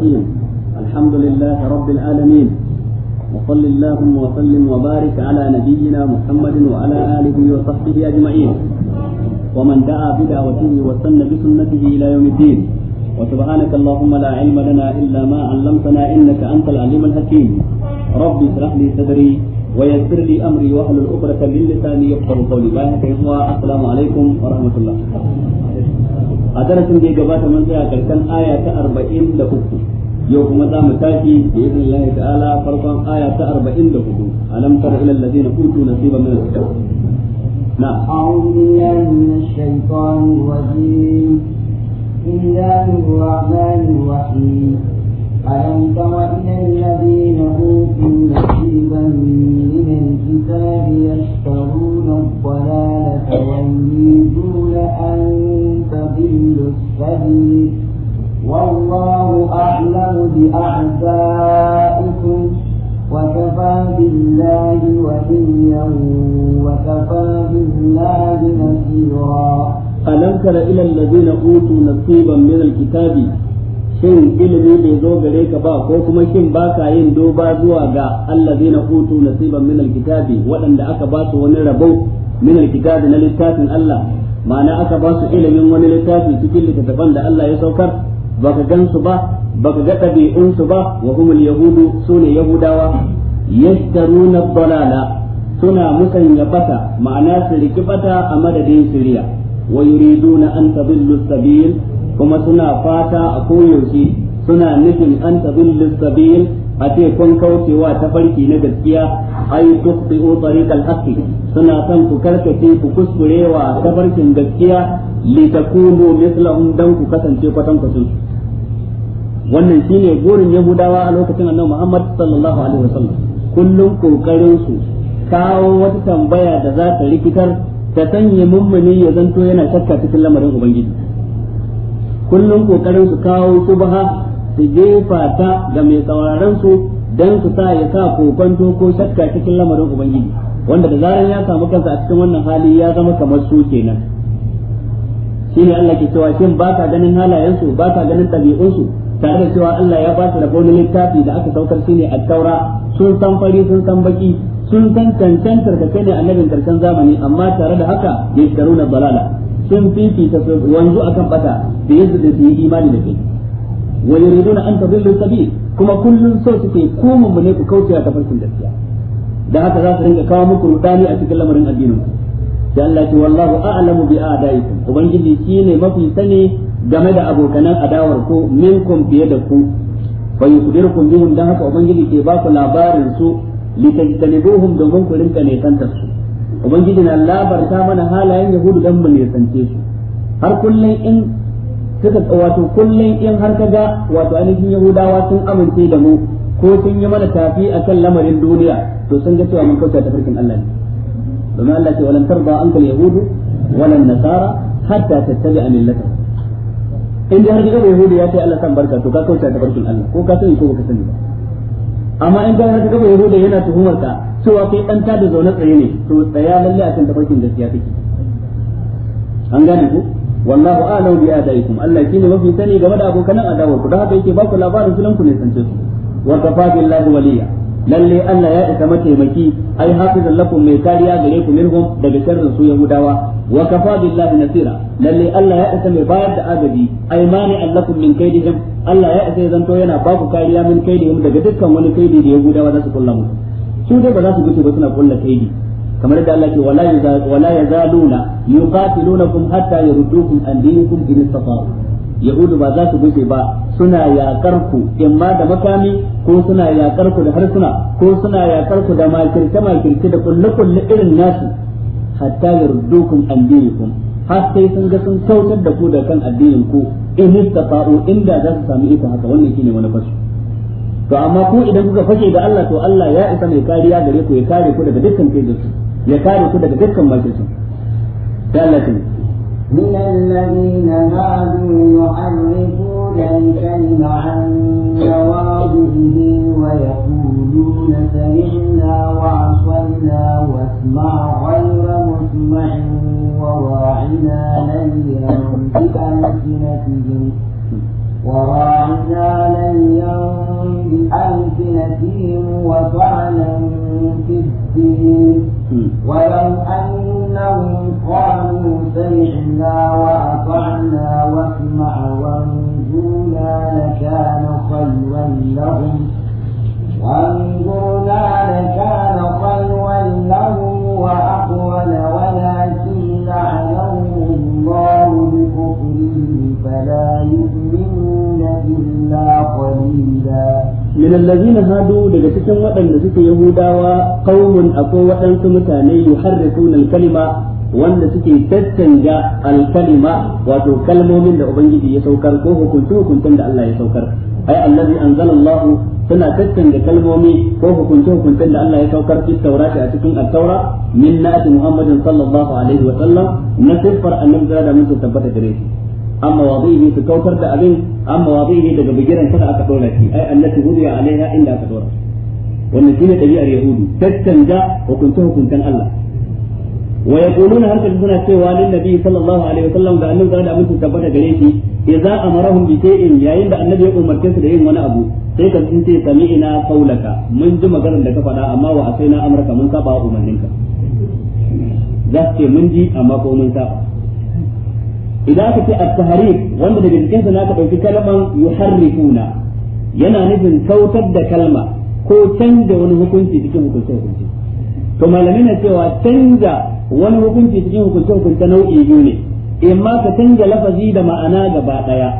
الرحيم الحمد لله رب العالمين وصل اللهم وسلم وبارك على نبينا محمد وعلى اله وصحبه اجمعين ومن دعا بدعوته وسن بسنته الى يوم الدين وسبحانك اللهم لا علم لنا الا ما علمتنا انك انت العليم الحكيم ربي اشرح لي صدري ويسر لي امري واحلل عقدة من لساني يفقه قولي بارك السلام عليكم ورحمه الله a darasin da ya gabata mun tsaya karkan aya ta arba'in da uku yau kuma za mu tashi da izin Allah ta'ala farkon aya ta arba'in da hudu alam tara ila allazina na nasiba min al-kitab na a'udhu billahi minash shaitanir rajim bismillahir rahmanir rahim ألم تر إلى الذين ya نصيبا من الكتاب ta الضلالة ويريدون أن يضل السبيل والله أعلم بأعدائكم وكفى بالله وليا وكفى بالله نصيرا ألم تر إلى الذين أوتوا نصيبا من الكتاب shin ilimi bai zo gare ka ba ko kuma shin ba ka yin doba zuwa ga na hutu nasiban min kitabi' waɗanda aka ba su wani rabo min kitabi na littafin Allah ma'ana aka ba su ilimin wani littafi cikin littattafan da Allah ya saukar baka gansu su ba baka ga ɗabi'un su ba wa humul yahudu sune yahudawa yashtaruna dalala suna musanya bata ma'ana su riki bata a madadin shari'a wa yuriduna an tadillu sabil kuma suna fata a koyaushe suna nufin an tadillu sabil a ce kun kaucewa ta farki na gaskiya ai tuqti'u tariqal haqqi suna san ku karkace ku kuskurewa ta farkin gaskiya li takunu mislahum dan ku kasance kwatan kwatan wannan shine gurin yahudawa a lokacin annabi Muhammad sallallahu alaihi wasallam kullum kokarin su kawo wata tambaya da za ta rikitar ta sanya mummuni ya zanto yana shakka cikin lamarin ubangiji kullum kokarin su kawo subha su jefa ta ga mai sauraron su dan su sa ya sa kokonto toko shakka cikin lamarin ubangiji wanda da zaran ya samu kansa a cikin wannan hali ya zama kamar su kenan ne Allah ke cewa shin ka ganin halayensu su ka ganin ɗabi'unsu tare da cewa Allah ya ba su da littafi da aka saukar shi ne a taura sun san fari sun san baki sun san cancantar da kai ne annabin karshen zamani amma tare da haka ya karuna balala sun fifita wanzu akan bata da yanzu da su yi imani da kai wa yuriduna an tadillu sabil kuma kullun so suke ku ne ku kauce ta farkin gaskiya dan haka za su rinka kawo maku rudani a cikin lamarin addinin ku Allah ce wallahu a'lamu bi a'daikum ubangiji shine mafi sani game da abokanan adawar ku minkum fiye da ku fa yusbirukum bihum dan haka ubangiji ke ba ku labarin su litajtanibuhum domin ku rinka ne su ubangiji na labarta mana halayen yahudu dan mu ne sance su har kullun in suka wato kullum in har ka ga wato ainihin yahudawa sun amince da mu ko sun yi mana tafi akan lamarin duniya to sun ga cewa mun kauce ta farkin Allah ne domin Allah ce walan tarda ankal yahudu walan nasara hatta tattabi'a millata in dai har ga yahudu ya ce Allah san barka to ka kauce ta farkin Allah ko ka sani ko baka sani ba amma in dai har ga yahudu yana tuhumar ka cewa kai dan ta da zaune tsaye ne to tsaya lalle a kan tafarkin gaskiya kake an gane ku wallahu a'lamu bi adaikum Allah ne mafi sani game da abokan adawar ku da haka yake ba labarin sunan ku ne sance su wa kafa billahi waliya lalle Allah ya isa mataimaki ai hafizan lakum mai kariya gare ku minhum daga sharrin su yahudawa wa kafa billahi nasira lalle Allah ya isa mai bayar da agabi ai mani allakum min kaidihim Allah ya isa zanto yana baku kariya kariya min kaidihim daga dukkan wani kaidi da yahudawa za su kulla musu su dai ba za su guce ba suna kulla kaidi kamar da Allah ke wala wala yazaluna yuqatilunakum hatta yurdukum an dinikum in istata'u yahudu ba za su gushe ba suna yakar ku imma da makami ko suna yakar ku da harsuna ko suna yakar da makirce makirce da kullu kullu irin nasu hatta yurdukum an dinikum har sun ga sun kautar da ku da kan addinin ku inda za su sami iko haka shine to amma ku idan kuka fake da Allah to Allah ya isa mai kariya gare ku ya kare ku daga dukkan kai da su ya kare ku daga dukkan makircin da Allah ta من الذين هادوا يحرفون الكلم عن مواضعه ويقولون سمعنا وعصينا واسمع غير مسمع وراعنا ليا بألسنتهم وراعنا ليا بألسنتهم وطعنا في الدين ولو أنهم قالوا سمعنا وأطعنا واسمع وانظرنا لكان خيرا لهم وانظر min na hadu daga cikin waɗanda suke yahudawa qaumun akwai waɗansu mutane yuharrifuna al-kalima wanda suke tattanja al-kalima wato kalmomin da ubangiji ya saukar ko hukunci hukuncin da Allah ya saukar ai allazi anzala suna tattanja kalmomi ko hukunci hukuncin da Allah ya saukar fi taurati a cikin at-taura min na'ati Muhammadin sallallahu alaihi wa sallam na sifar annabi da mun tabbata da shi an mawadhihi su kautar da abin an mawadhihi daga bigiran kada aka dora shi ai allati wudiya alaiha inda aka dora wannan shine dabi'ar yahudu tattanja hukunta hukuntan Allah wa yaquluna har kaji suna cewa lin nabi sallallahu alaihi wasallam da annabi da aminci tabbata gare shi idza amarahum bi shay'in yayin da annabi ya umarce su da yin wani abu sai ka sun ce sami'ina qaulaka mun ji maganar da ka faɗa amma wa asaina amraka mun saba umarninka za su ce mun ji amma ko mun saba idan aka ce at-tahrif wanda daga cikin sa naka dauki kalman yuharrifuna yana nufin kautar da kalma ko canza wani hukunci cikin hukunci hukunci to malamin na cewa canza wani hukunci cikin hukunci hukunce nau'i biyu ne imma ka canza lafazi da ma'ana gaba daya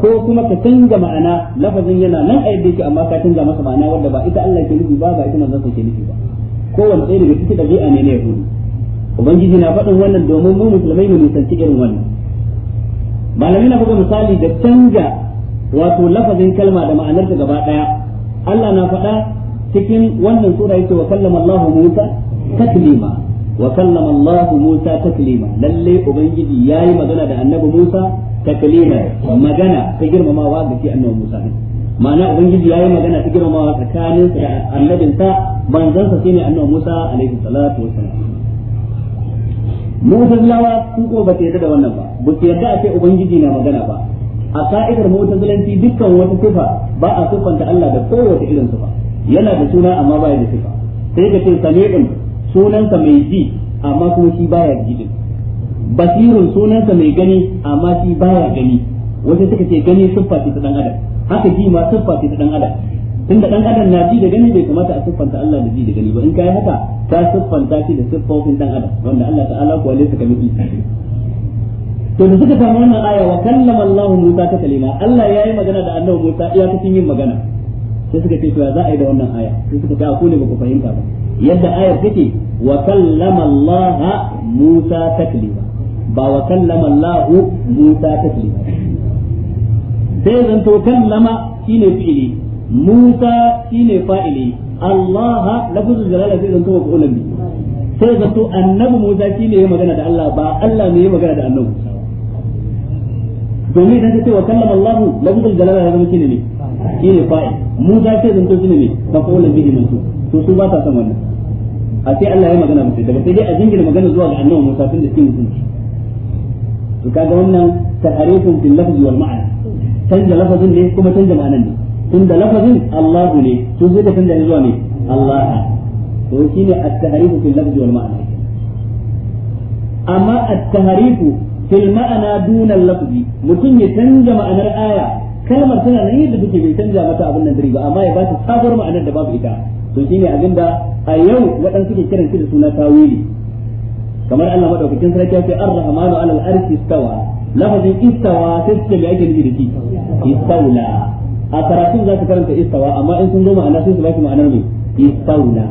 ko kuma ka canza ma'ana lafazin yana nan a yadda yake amma ka canza masa ma'ana wanda ba ita Allah ke nufi ba ba ita manzon ke nufi ba kowanne ɗaya daga cikin ɗabi'a ne na yahudu ubangiji na faɗin wannan domin mu musulmai mu nisanci irin wannan malamai na buga misali da canja wato lafazin kalma da ma'anarta gaba daya Allah na faɗa cikin wannan sura yake wa kallama Allah Musa taklima wa kallama Allah Musa taklima lalle ubangiji yayi magana da annabi Musa taklima magana ta girmamawa ga shi annabi Musa ma'ana ubangiji yayi magana ta girmamawa tsakaninsa da annabinsa manzansa shine annabi Musa alaihi salatu wassalam mu'tazilawa su ko ba yarda da wannan ba ba su yarda a ce ubangiji na magana ba a ka'idar mu'tazilanci dukkan wata sifa ba a sifanta Allah da kowace irin sifa yana da suna amma ba ya da sifa sai ka ce sami'in sunansa mai ji amma kuma shi baya ji basirun sunansa mai gani amma shi baya gani wasu suka ce gani siffa ce ta dan adam haka ji ma siffa ce ta dan adam tunda dan adam na ji da gani bai kamata a siffanta Allah da ji da gani ba in kai haka ka siffanta shi da siffofin dan adam wanda Allah ta'ala ko ne suka miki to da suka samu wannan aya wa kallama Allah Musa ta kalima Allah yayi magana da Annabi Musa iya cikin yin magana sai suka ce to ya za a yi da wannan aya sai suka ga ku ne ba ku fahimta ba yadda aya take wa kallama Allah Musa ta kalima ba wa kallama Allah Musa ta kalima sai zan to kallama shine fi'ili Musa shine fa'ili Allah lafzu jalala sai zanto maf'ul bi sai zanto annabi Musa ne ya magana da Allah ba Allah ne ya magana da annabi domin idan ka ce wa kallama Allah lafzu jalala ya zama shine ne shine fa'il Musa sai zanto shine ne maf'ul bihi mansub to su ba ta san wannan a sai Allah ya magana mutum daga sai dai a jingina magana zuwa ga annabi Musa tun da shi mutunci to kaga wannan taharifun fil lafzi wal ma'ana canja lafazin ne kuma canja ma'anan ne tunda lafazin Allah ne to sai da canza zuwa ne Allah to shine at-tahrif fil lafzi wal ma'na amma fil mutum ya canza ma'anar aya kalmar tana nan yadda take bai canza mata abin nan dare ba amma ya ba ta sabuwar ma'anar da babu ita to shine abinda a yau waɗansu ke kiran shi da suna tawili kamar Allah madaukakin sarki ya ce ar-rahmanu 'alal arshi istawa lafazin istawa sai ce me ake nufi da shi istawla a karatun za su karanta istawa amma in sun zo ma'ana sai su ba shi ma'anar mai istawla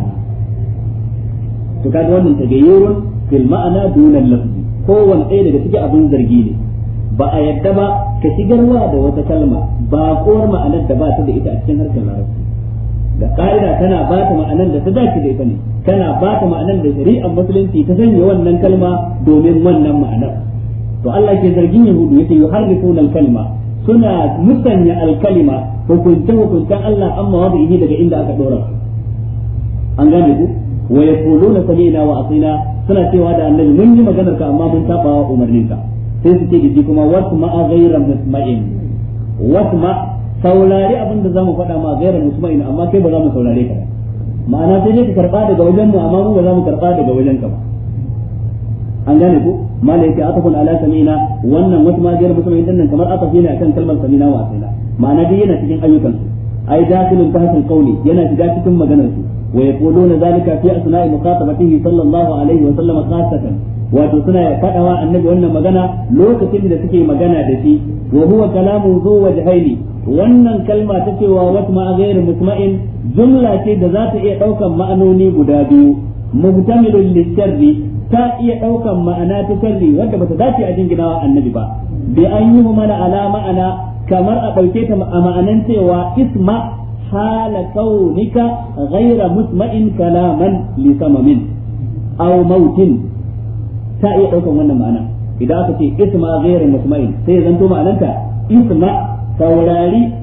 to kaga wannan tagayyurun fil ma'ana dunan lafzi kowanne ɗaya daga cikin abin zargi ne ba a yadda ba ka garwa da wata kalma ba kowar ma'anar da ba ta da ita a cikin harshen larabci da ƙa'ida tana ba ta ma'anar da ta dace da ita ne tana ba ta ma'anar da shari'ar musulunci ta sanya wannan kalma domin wannan ma'anar to Allah ke zargin yahudu yace har al-kalma suna musanya alkalima hukuncin-hukuncin, Allah amma wa bihi daga inda aka dora an gane ku wa yaquluna sami'na wa atina suna cewa da annabi mun yi maganar ka amma mun saba wa umarnin ka sai su ce da kuma wasma ghayra musma'in wasma saurari abin da zamu faɗa ma ghayra musma'in amma kai ba za mu saurare ka ma'ana sai ne ka karba daga wajen mu amma mu ba za mu karba daga wajen ka ba an gane ko malai yake atafun ala samina wannan wasu ma jiyar musulmi din nan kamar atafi ne kan kalmar samina wa asaina ma'ana dai yana cikin ayyukan su ai dakhilun tahsin qawli yana shiga cikin maganar su wa yaquluna zalika fi asna'i muqatabatihi sallallahu alaihi wa sallam khassatan wato suna fadawa annabi wannan magana lokacin da suke magana da shi wa huwa kalamu zu wajhaini wannan kalma ta cewa wasu ma ghairu musma'in jumla ce da za ta iya daukan ma'anoni guda biyu muhtamilun lisharri ta iya ɗaukan ma'ana ta salli wanda bata dace a jinginawa annabi ba bi an yi mana ala ma'ana kamar a ɗauke ta a ma'anan cewa isma hala kaunika ghaira musma'in kalaman li samamin aw mautin ta iya ɗaukan wannan ma'ana idan aka ce isma ghaira musma'in sai zanto ma'ananta isma saurari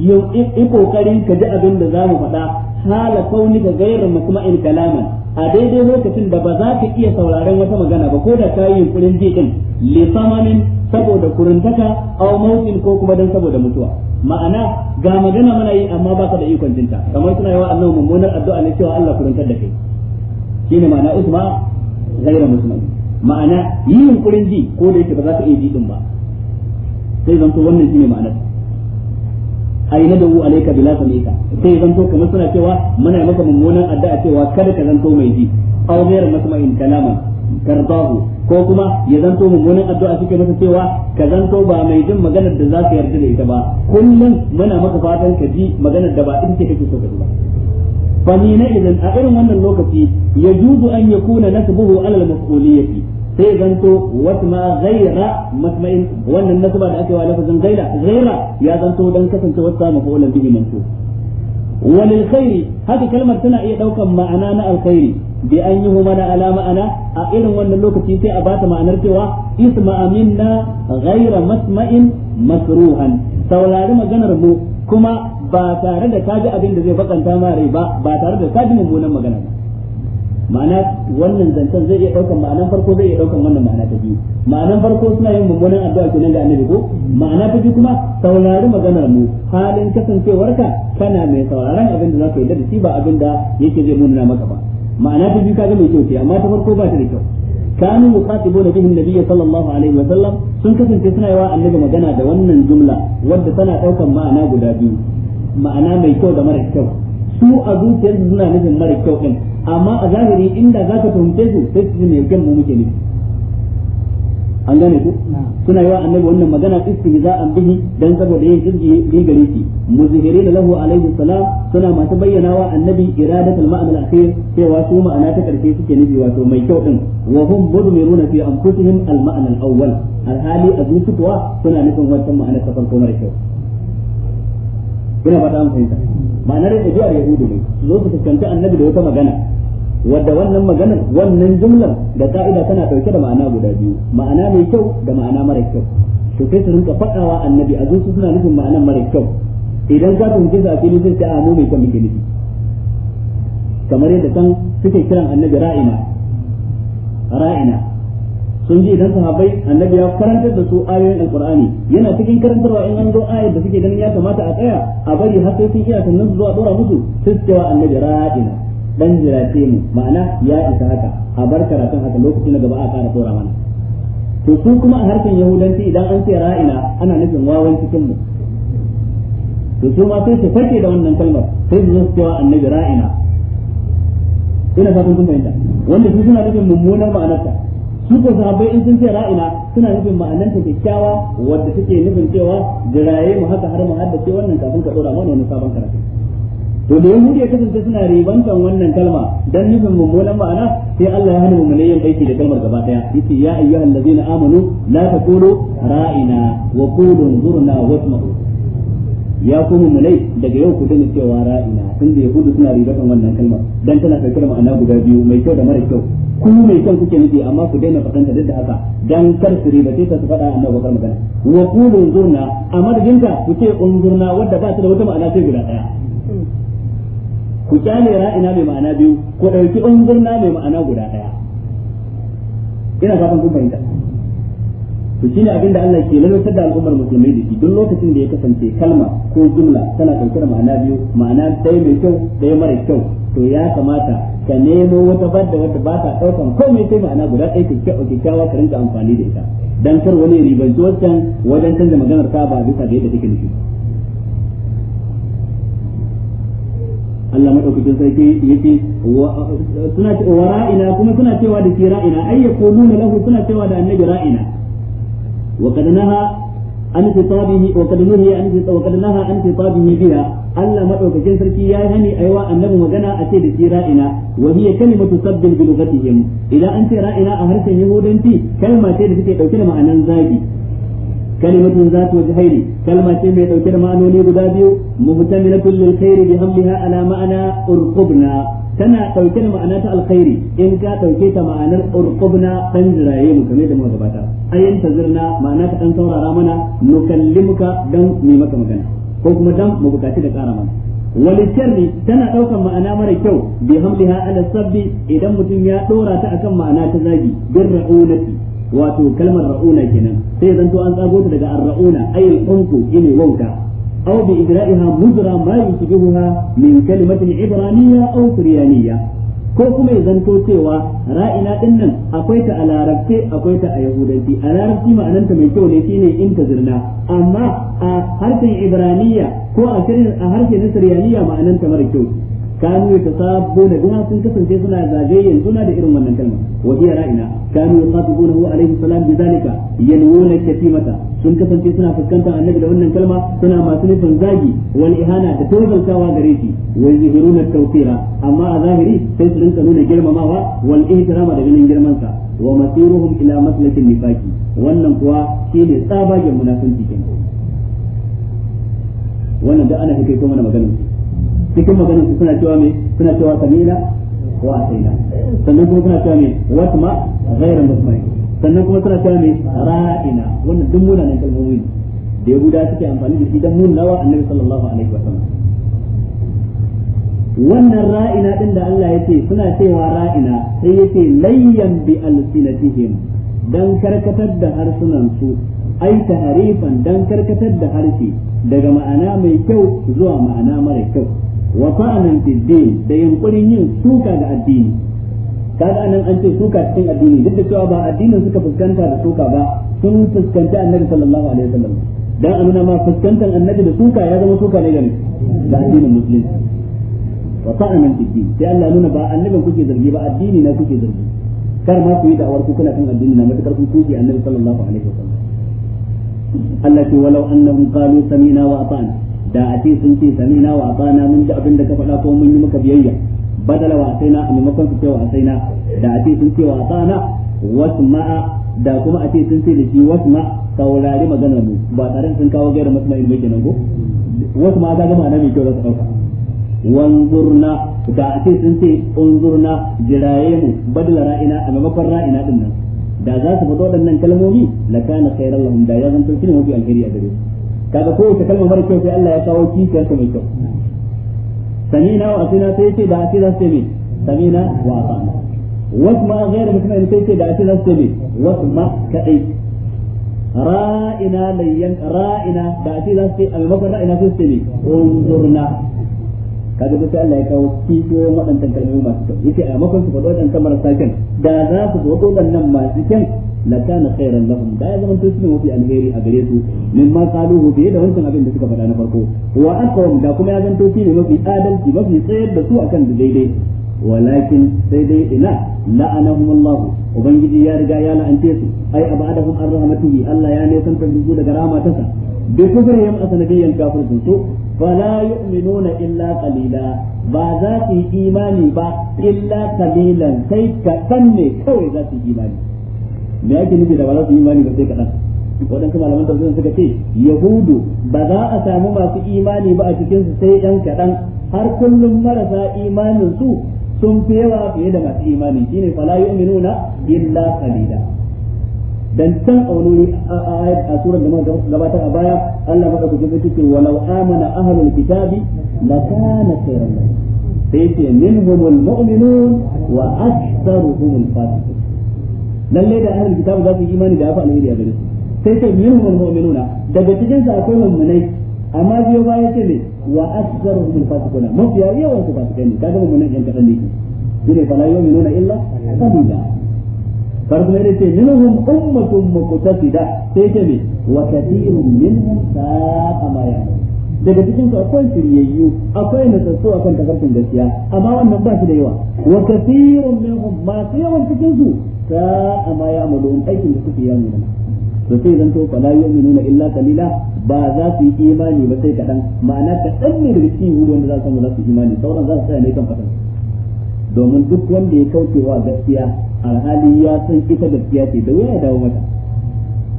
yi kokarin ka ji abin da zamu faɗa hala kaunika ghaira musma'in kalaman a daidai lokacin da ba za ka iya sauraren wata magana ba ko da ka yi yunkurin ji din li samanin saboda kuruntaka aw mautin ko kuma dan saboda mutuwa ma'ana ga magana muna yi amma ba ka da ikon jinta kamar suna yawa annabi mummunar addu'a ne cewa Allah kuruntar da kai shine ma'ana usma ghayra musulmi ma'ana yi yunkurin ji ko da yake ba za ka iya ji din ba sai zanto wannan shine ma'anar ai na dawu alayka bila samika sai to kamar suna cewa muna maka mummunan addu'a cewa kada ka zanto mai ji aw ghayra masma'in kalaman karbahu ko kuma ya zanto mummunan addu'a suke maka cewa ka zanto ba mai jin maganar da za ka yarda da ita ba kullum muna maka fatan ka ji maganar da ba ita ce kake so ka ji ba fa ni na idan a irin wannan lokaci yajuzu an yakuna nasbuhu ala al-mas'uliyyati zai zanto ma ghaira masma'in wannan nasaba da aka yi wa lafazin ghaira ghaira ya zanto dan kasance wasa mafulan bihi manto walil khairi haka kalmar tana iya daukan ma'ana na alkhairi bi an yi mana ala ma'ana a irin wannan lokaci sai a bata ma'anar cewa isma na ghaira masma'in masruhan saurari maganar mu kuma ba tare da kaji abin da zai bakanta ma rai ba ba tare da kaji mummunan magana ba ma'ana wannan zancen zai iya daukan ma'anan farko zai iya daukan wannan ma'ana ta biyu ma'anan farko suna yin mummunan addu'a kenan da annabi ko ma'ana ta biyu kuma saurari maganar mu halin kasancewarka kana mai sauraron abin da zaka yi da shi ba abin da yake zai nuna maka ba ma'ana ta biyu kaga mai kyau ce amma ta farko ba ta da kyau kanu da bihi nabiy sallallahu alaihi wa sallam sun kasance suna yawa annabi magana da wannan jumla wanda tana daukan ma'ana guda biyu ma'ana mai kyau da mara kyau su a zuciyar su suna nufin mara kyau din amma a zahiri inda za ka fahimce su sai su ne kyan mu muke nufi an gane ku suna yawa annabi wannan magana za an bihi dan saboda yin jirgi bi gare shi da lahu alaihi salam suna masu bayyana wa annabi iradat al-ma'na akhir cewa su ma'ana ta karfe suke nufi wato mai kyau din wa hum mudmiruna fi anfusihim al-ma'na al-awwal alhali azu kuwa suna nufin wancan ma'ana ta farko mara kyau ina fata ma'anar addu'ar yahudu ne su zo su fuskanci annabi da wata magana wadda wannan maganar wannan jumlar da ka'ida tana ɗauke da ma'ana guda biyu ma'ana mai kyau da ma'ana mara kyau to sai su rinka faɗawa annabi a zuci suna nufin ma'ana mara kyau idan za su mutu a fili zai ce amu mai kyau muke nufi kamar yadda can suke kiran annabi ra'ina ra'ina sun ji idan sahabbai annabi ya karanta da su ayoyin alqur'ani yana cikin karantarwa in an zo ayar da suke ganin ya kamata a tsaya a bari har sai sun iya sannan zuwa dora musu sai su cewa annabi ra'ina dan ce mu ma'ana ya isa haka a bar karatun haka lokacin na gaba a kara dora mana to su kuma a harshen yahudanci idan an ce ra'ina ana nufin wawan cikin mu to su ma sai su farke da wannan kalmar sai su zo su cewa annabi ra'ina ina fatan kun fahimta wanda su suna nufin mummunar ma'anarta su ko sahabbai in sun ce ra'ina suna nufin ma'ananta ta kyakkyawa wadda take nufin cewa jiraye mu haka har mu haddace wannan kafin ka dora mana wani sabon karatu to da yahudi ya kasance suna ribantan wannan kalma dan nufin mummunan ma'ana sai Allah ya hana mu yin aiki da kalmar gaba daya yace ya ayyuhal ladina amanu la taqulu ra'ina wa qulu zurna tasma'u ya kuma mulai daga yau ku dinga cewa ra'ina tun da yahudu suna ribatan wannan kalma dan tana ɗauke da ma'ana guda biyu mai kyau da mara kyau ku mai kyau kuke nufi amma ku daina fatanta duk da haka dan kar su riba ta su faɗa annabi bakar magana wa qulu zurna amma da ku ce unzurna wanda ba ta da wata ma'ana sai guda ɗaya ku kyale ra'ina mai ma'ana biyu ku ɗauki unzurna mai ma'ana guda ɗaya ina fatan kun fahimta to shine abinda Allah ke lalatar da al'ummar musulmai da shi duk lokacin da ya kasance kalma ko jumla tana ɗauke da ma'ana biyu ma'ana ɗaya mai kyau ɗaya mara kyau to ya kamata ka nemo wata badda wadda ba ta ɗaukan komai sai ma'ana guda ɗaya kyakkyawa ka rinka amfani da ita dan kar wani ribanci wancan wajen canza maganar ta ba bisa da yadda take nufi Allah madaukakin sarki yake suna ra'ina kuma suna cewa da ke ra'ina nuna lahu suna cewa da annabi ra'ina وقد نهى عن خطابه وقد نهي عن وقد نهى عن خطابه بها ألا مدعوكين سركي يا هني أيوا أنه مغنى أتي بشي رائنا وهي كلمة سب بلغتهم إذا أنت رائنا أهرس يهودنتي كلمة تي لتكي توكل معنى زاجي كلمة ذات وجهين كلمة تي توكل معنى ني غدا بيو مهتملة للخير بحملها على معنى أرقبنا tana ɗauke da ma'ana ta alkhairi in ka ɗauke ta ma'anar urqubna ɗan jiraye mu kamar da muka gabata ayin tazirna ma'ana ta ɗan saurara mana nukallimuka dan mu maka magana ko kuma dan mu bukaci da ƙara mana wani tana ɗaukar ma'ana mara kyau bi hamliha ala sabbi idan mutum ya ɗora ta akan ma'ana ta zagi bin ra'unati wato kalmar ra'una kenan sai zanto an tsago ta daga ar-ra'una ayil quntu ini wanka أو بإجرائها مجرى ما يشبهها من كلمة عبرانية أو سريانية ko kuma idan zanto cewa ra'ina din nan akwai ta a larabce akwai ta a yahudanci a larabci ma'ananta mai kyau ne shine in ta zirna amma a harshen ibraniya ko a harshen na siriyaniya ma'ananta mara kyau kanu ta sabo da biya sun kasance suna yanzu na da irin wannan kalma wa iya ra'ina kanu yaqatibuna hu alaihi salam bidalika yanwuna katimata sun kasance suna fuskantar annabi da wannan kalma suna masu nufin zagi wal ihana da tozaltawa gare shi wa yuhiruna amma a zahiri sai su rinka nuna girmamawa wal ihtirama da ganin girman sa wa masiruhum ila maslakin Nifaki wannan kuwa shine tsabagen munafiki kenan wannan da ana hikaito mana maganar cikin maganar su suna cewa me suna cewa samina wa asaina sannan kuma suna cewa me watma ghayra musmai sannan kuma suna cewa me ra'ina wannan duk nan kalmomi ne da yahuda suke amfani da shi dan munawa annabi sallallahu alaihi wasallam wannan ra'ina din da Allah ya ce suna cewa ra'ina sai ya ce layyan bi alsinatihim dan karkatar da harsunan su ai taharifan dan karkatar da harshe daga ma'ana mai kyau zuwa ma'ana mara kyau wa fa'anan din da yunkurin yin suka ga addini kaga anan an ce suka cikin addini duk da cewa ba addinin suka fuskanta da suka ba sun fuskanta annabi sallallahu alaihi wasallam dan amma ma fuskantar annabi da suka ya zama suka ne ga da addinin musulunci wa fa'anan din sai Allah nuna ba annabin kuke zargi ba addini na kuke zargi kar ma ku yi da'awar ku kuna kan addini na matakar ku kuke annabi sallallahu alaihi wasallam Allah ce walau annahum qalu sami'na wa ata'na da a ce sun ce sami na wasa na mun ji abin da ka faɗa ko mun yi maka biyayya badala wasai na a maimakon su ce wasai na da a ce sun ce wasa na wasu ma'a da kuma a ce sun ce da shi wasu ma saurari magana mu ba tare sun kawo gaira masu mai kenan ko wasu ma ga gama na mai kyau za su ɗauka wanzurna da a ce sun ce unzurna jiraye mu badala ra'ina a maimakon ra'ina din nan da za su faɗo waɗannan kalmomi la kana khairan lahum da ya zanto shine mafi alheri a gare su kaga kowace kalma mara kyau sai Allah ya kawo kishiyar ta mai kyau samina wa asina sai ce da asina sai me samina wa asana wasma ghayr mutuna sai ce da asina sai mai wasma kadai ra'ina layyan ra'ina da asina sai almakon ra'ina sai sai mai unzurna kaga sai Allah ya kawo kishiyoyin waɗannan kalmomi masu kyau yace a makon su faɗo waɗannan marasa kyan da za su faɗo waɗannan masu kyan la na khairan lahum da ya zama sun mafi alheri a gare su min ma qaluhu bi da wancan abin da suka faɗa na farko wa aqwam da kuma ya zanto shi ne mafi adalci mafi tsayar da su akan daidai walakin sai dai ina la'anahum Allah ubangiji ya riga ya la'ance su ai abadahum an rahmatihi Allah ya ne san tabbu daga rahmatarsa bi kufrihim asnabiyyan kafirun su fala yu'minuna illa qalila ba za su yi imani ba illa qalilan sai ka sanne kawai za su yi imani me yake nufi da ba za su imani ba sai kaɗan waɗansu malaman da suka ce yahudu ba za a samu masu imani ba a su sai ɗan kaɗan har kullum marasa imanin su sun fi yawa fiye da masu imani shine fala yu'minuna illa qalila dan can a a surar da muka gabatar a baya Allah maka ku ji cikin walau amana ahlul kitabi la kana khairan sai ce minhumul mu'minun wa aktharuhumul fasiqun lalle da ahlul kitab za su yi imani da afa alheri a gare su sai sai minhum mu'minuna daga cikin su akwai mu'minai amma biyo baya ce ne wa aktsaruhum fasiquna mafiya yawan su fasikai ne kaga mu'minan yan kadan ne shine fala yu'minuna illa qalila farko ne ce minhum ummatun muqtasida sai ce ne wa kathirun minhum sa'a ma ya'malun daga cikin su akwai shiryayyu akwai nasassu akan tafarkin gaskiya amma wannan ba shi da yawa wa kathirun minhum ma yawan cikin su ta amma ya in aikin da suke ya nuna to sai zan to fala nuna illa qalila ba za su yi imani ba sai kaɗan ma'ana kadan ne daga cikin wuri wanda za su za su imani sauran za su tsaya ne kan fatan domin duk wanda ya kaucewa gaskiya alhali ya san ita gaskiya ce da wuya dawo mata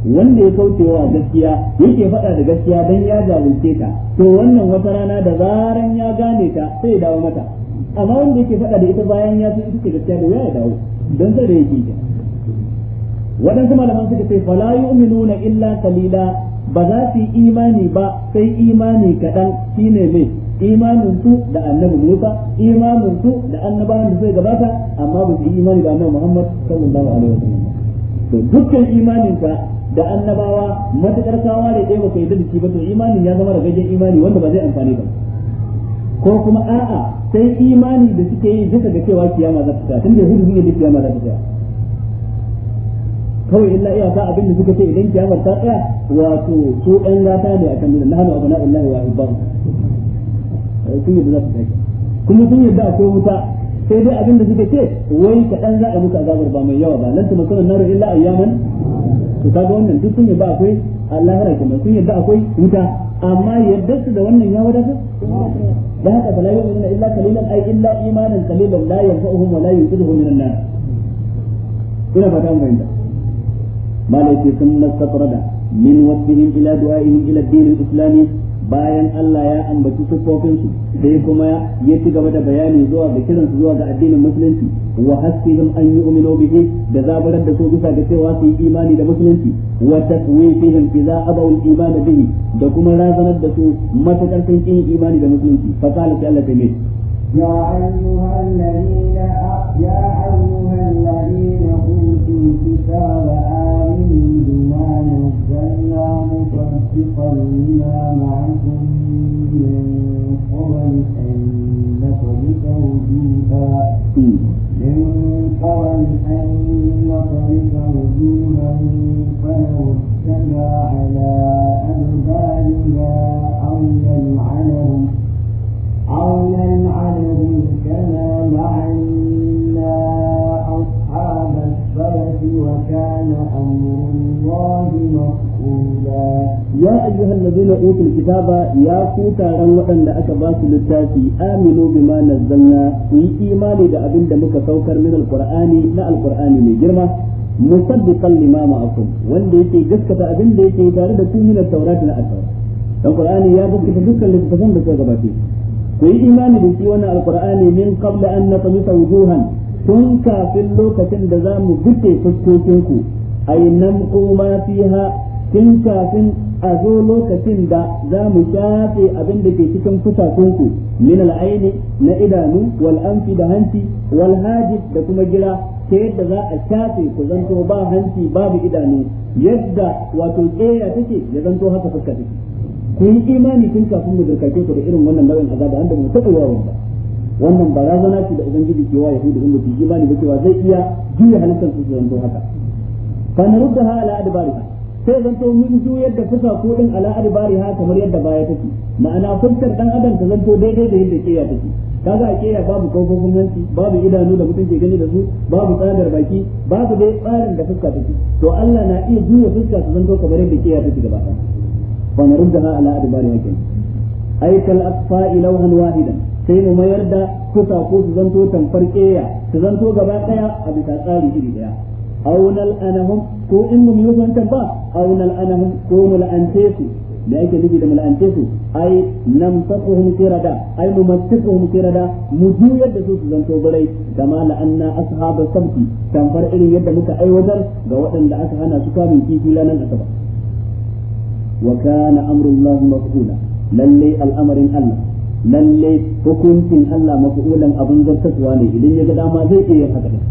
wanda ya kaucewa gaskiya yake faɗa da gaskiya dan ya jahilce ta to wannan wata rana da zaran ya gane ta sai ya dawo mata amma wanda yake faɗa da ita bayan ya fi ita ce gaskiya da ya dawo don sai da yake kenan waɗansu malaman suka ce fala na illa kalila ba za su yi imani ba sai imani kaɗan shine mai imanin su da annabi Musa imanin su da annabawan da suka gabata amma ba su yi imani da annabi Muhammad sallallahu alaihi wasallam to dukkan imanin ka da annabawa matakar kawa da ɗaya ba yi da shi ba to imanin ya zama ragajen imani wanda ba zai amfani ba ko kuma a'a sai imani da suke yi bisa ga cewa kiyama za ta tun da hudu sun yi kiyama za ta tsaya kawai illa iya ba abin da suka ce idan kiyama ta tsaya wato su ɗan gata ne kan nuna na hannu abu na illahi wa ibban eh, sun yadda za ta tsaya kuma sun yadda akwai wuta sai dai abin da suka ce wai kaɗan za a muka azabar ba mai yawa ba nan ta masarar narar illa ayyaman to ga wannan duk sun yadda akwai Allah ya rahama sun yadda akwai wuta amma yadda su da wannan ya wadatar da haka fala yu'minuna illa qalilan ay illa imanan qalilan la yanfa'uhum wa la yunqidhuhum minan nar ina ba dan wanda malai ce sun nasatrada min wasbihim ila du'a'ihim ila bayan Allah ya ambaci sufofinsu sai kuma ya ci gaba da bayani zuwa ga kiransu zuwa ga addinin musulunci wa hasbihim an yu'minu bihi da zabarar da su bisa ga cewa su yi imani da musulunci wa taswifihim idza abaw al-iman bihi da kuma razanar da su matakar kan kin imani da musulunci fa qala ta Allah ta ne ya ayyuhal ladina ya ayyuhal ladina الكتاب آمنوا بما نزلنا مصدقا لما معكم من قبل أن نطلق وجوها من قبل أن نطلق وجوها فنردها على أدبارها أو نلعنهم أو نلعنهم كما لعنا أصحاب الصلاة وكان أمر الله مفعولا يا أيها الذين أوتوا الكتاب يا كوكا رمضان لأك باس للتاتي آمنوا بما نزلنا في إيماني دا أبن دمك سوكر من القرآن لا القرآن من جرمة مصدقا لما معكم وان ديكي جسكة أبن ديكي دارد من التوراة لا التوراة القرآن يا بك تذكر لتفهم بك غباتي في إيماني بك وانا القرآن من قبل أن نطمس وجوها tun kafin lokacin da za mu buke fuskokinku a yi nan koma fiha tun kafin a zo lokacin da za mu shafe abin da ke cikin fusakunku min al'aini na idanu wal amfi da hanci wal hajis da kuma gira ta yadda za a shafe ku zanto ba hanci babu idanu yadda wato tsera take ya zanto haka fuska take ku yi imani tun kafin mu zirkake ku da irin wannan nau'in azaba an da mu taɓa yawon ba wannan barazana ce da ubangiji ke wa yahudu in ba ne ba cewa zai iya juya halittar su su zanto haka fa ha ala adbariha sai zanto mun juyar da fuska ko din ala adbariha kamar yadda baya take ma'ana fuskar dan adam ta zanto daidai da yadda ya take kaga a keya babu kofofin hanci babu idanu da mutum ke gani da su babu tsadar baki babu dai tsarin da fuska take to Allah na iya juya fuska su zanto kamar yadda ya take gaba ɗaya fa ha ala adbariha kenan ay kal aqfa ilawhan wahidan sai mu mayar da kusa ko su zanto tamfar keya su zanto gaba daya a bisa tsari iri daya aw anahum ko in mun yi wannan ba aw anahum ko mu la'ante su da yake nufi da mula'ance su ai nam taqhum kirada ai mumattiquhum kirada mu juyar da su su zanto barai kama la'anna ashabas sabti tamfar irin yadda muka aiwatar ga waɗanda aka hana su kamun kifi ranar asabar wa kana amrullahi maf'ula lalle al'amarin Allah lalle hukuncin Allah mafi'ulan abin zartaswa ne idan ya ga dama zai iya yin haka din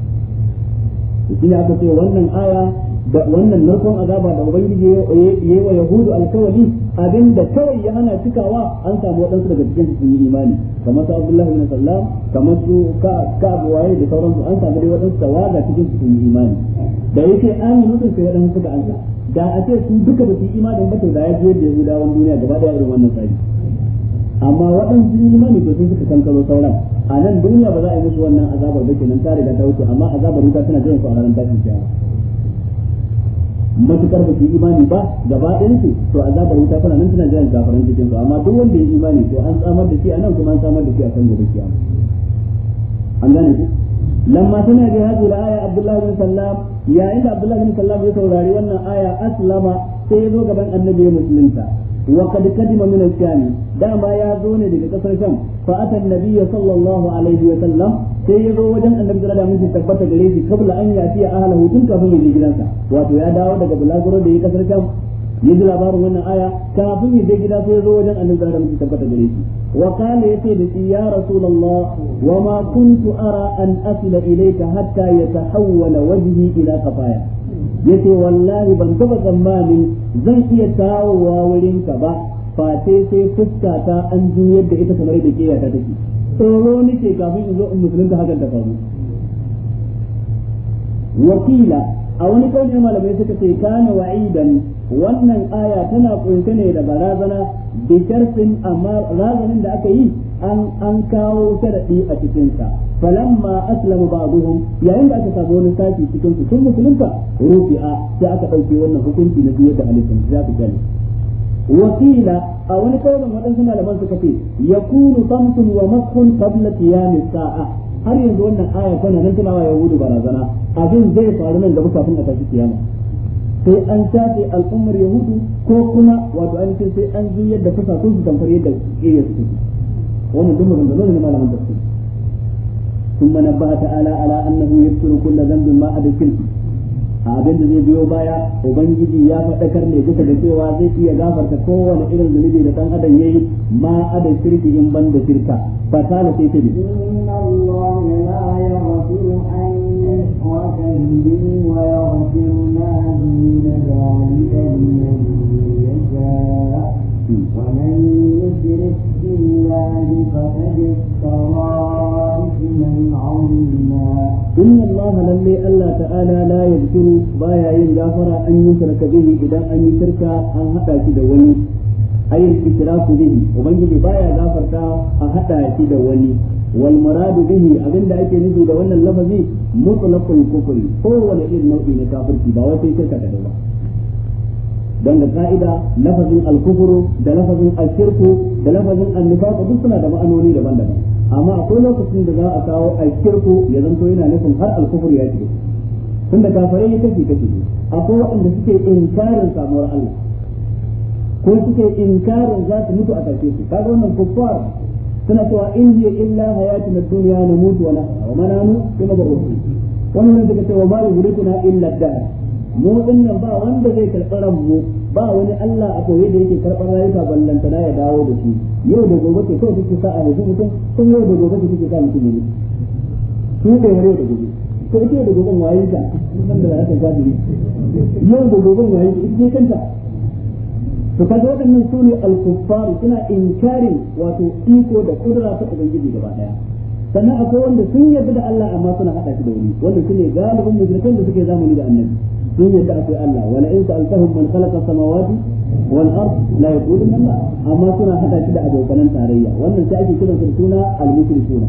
shi aka ce wannan aya da wannan narkon azaba da ubangiji ya yi wa yahudu alkawari abin da kawai ya hana cikawa an samu waɗansu daga cikin su yi imani kamar su abdullahi na sallam kamar su ka'abu waye da sauransu an samu dai waɗansu tawaga cikin su yi imani da yake an yi mutum sai waɗansu ga an da a ce su duka da su imanin ba to da ya je da yahudawan duniya gaba da irin wannan tsari amma waɗansu imani to sun suka kankaro sauran a nan duniya ba za a yi musu wannan azabar da nan tare da ta wuce amma azabar wuta tana jiran su a ranar tashin kiyama matukar ba su imani ba gaba ɗayan su to azabar wuta tana nan tana jiran kafaran cikin su amma duk wanda ya imani to an samar da shi a nan kuma an samar da shi a kan gobe kiyama an gane ku da aya abdullahi bin sallam yayin da abdullahi bin sallam ya الله wannan aya aslama sai ya zo gaban annabi ya musulunta wa kad kadima min al-sham dama ya zo ne daga kasar sham fa ata an sallallahu alaihi wa sallam sai ya zo wajen annabi da mun tabbata gare shi kabla an ya fiya ahlahu tun kafin ya je gidansa wato ya dawo daga bulaguro da ya kasar sham ya ji labarin wannan aya kafin ya je gida sai ya zo wajen annabi da mun tabbata gare shi wa qala yace da shi ya rasulullah wa ma kuntu ara an asila ilayka hatta yatahawwala wajhi ila qafaya yace wallahi ban taba tsammanin zan iya tawowa wurin ka ba face sai fuska ta an juyar da ita kamar da ke ta take tsoro nake kafin in zo in musulun musulunta hakan ta faru wakila a wani kawai malamai suka ce kana wa'idan wannan aya tana kunshe ne da barazana bi sharfin amma razanin da aka yi an an kawo sharadi a cikin sa falamma aslamu ba'dhum yayin da aka samu wani sashi cikin su sun musulunta rufi'a sai aka dauke wannan hukunci na biyar da alifin za ku gani wakila a wani kaurin waɗansu malaman suka ce yakunu samtun wa maskun qabla qiyam sa'a har yanzu wannan aya tana nan tana wa yahudu barazana abin zai faru nan gaba kafin a tashi kiyama sai an shafe al'ummar yahudu ko kuma wato ainihin sai an zo yadda kusa su tamfar yadda kiyar su wannan duk maganganu ne malaman mana ba ta ala ala annahu ya كل ذنب ما ادخل a abin da zai biyo baya ubangiji ya faɗakar ne duka da cewa zai iya gafarta kowane irin zunubi da ɗan adam yayi ma adam shirki in ban da shirka fa sai ta bi inna allahu la yaghfiru an inna allaha lalle allah ta'ala la yaghfiru baya yin gafara anyi yushraka bihi idan an yi shirka an haɗa shi da wani ay al-ikrafu bihi ubangiji baya gafarta a hada shi da wani wal muradu bihi abinda ake nufi da wannan lafazi mutlaqul kufri kowane irin nau'i na kafirci ba wai sai shirka kadai ba don da ka'ida lafazin alkufuru da lafazin alshirku da lafazin annifaq duk suna da ma'anoni daban-daban amma akwai lokacin da za a kawo alshirku ya zanto yana nufin har alkufuru ya shiga tunda kafirai ya kashi kashi akwai waɗanda suke inkarin samuwar Allah ko suke inkarin za su mutu a ƙarshe su ga wannan kuffar suna cewa in hiya illa hayatuna dunya namutu wa nahya wa mananu kuma ba uku wannan daga cewa ma yuhrikuna illa dar mu nan ba wanda zai karɓar mu ba wani Allah a koyi da yake karɓar rayuka ballantana ya dawo da shi yau da gobe ke kawai suke sa a yanzu mutum sun yau da gobe suke sa mutum ne su ne yau da gobe ko ita da gobe wayin ka san da za ta gabi yau da gobe wayin ka ita kanta to kaga waɗannan su ne alkuffar suna inkarin wato iko da kudura ta ubangiji gaba daya sannan akwai wanda sun yarda da Allah amma suna hada shi da wani wanda shine galibin mushrikan da suke zamani da annabi sun yarda akwai Allah wala in sa'altahum man khalaqa samawati wal ard la yaquluna Allah amma suna hada shi da abokan tarayya wannan sai ake kiransu da suna al-mushrikuna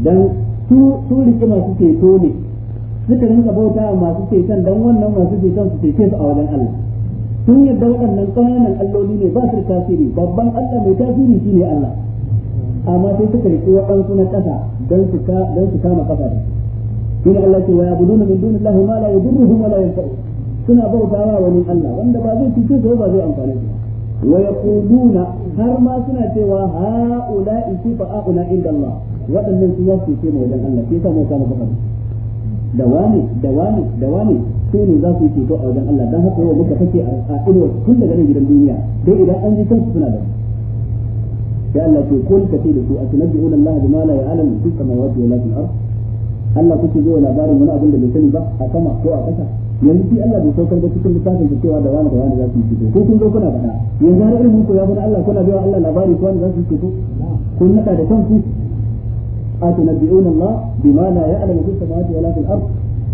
dan su su rikima suke to ne suka rinka bauta masu ceton dan wannan masu ceton su cece su a wajen Allah sun yadda waɗannan ƙananan alloli ne ba su da tasiri babban Allah mai tasiri shi ne Allah amma sai suka riƙe waɗansu na ƙasa don su don su kama ƙasa da shi Allah ce wa yabuduna min dunillahi ma la yadurruhum wa la yanfa'u suna bautawa wani Allah wanda ba zai cuce su ba zai amfane su wa yaquluna har ma suna cewa ha'ula'i shifa'a'una inda Allah waɗannan su za su ce mai wajen Allah sai sa mu kama ƙasa da wani da wani da wani sai ne za su yi ceto a wajen Allah dan haka yau muka kake a ido tun daga nan gidan duniya dai idan an ji kansu suna da ya Allah ce ko kace da su a atunabbi'una Allah bima la ya'lamu fi samawati wa la fil ard Allah kuke zo labarin wani abin da bai sani ba a sama ko a ƙasa yanzu shi Allah bai saukar da cikin littafin da cewa da wani da wani za su yi ceto ko kun zo kuna faɗa yanzu har irin ku ya faɗa Allah kuna bai wa Allah labari ko wani za su yi ceto kun nada da kanku atunabbi'una Allah bima la ya'lamu fi samawati wa la fil ard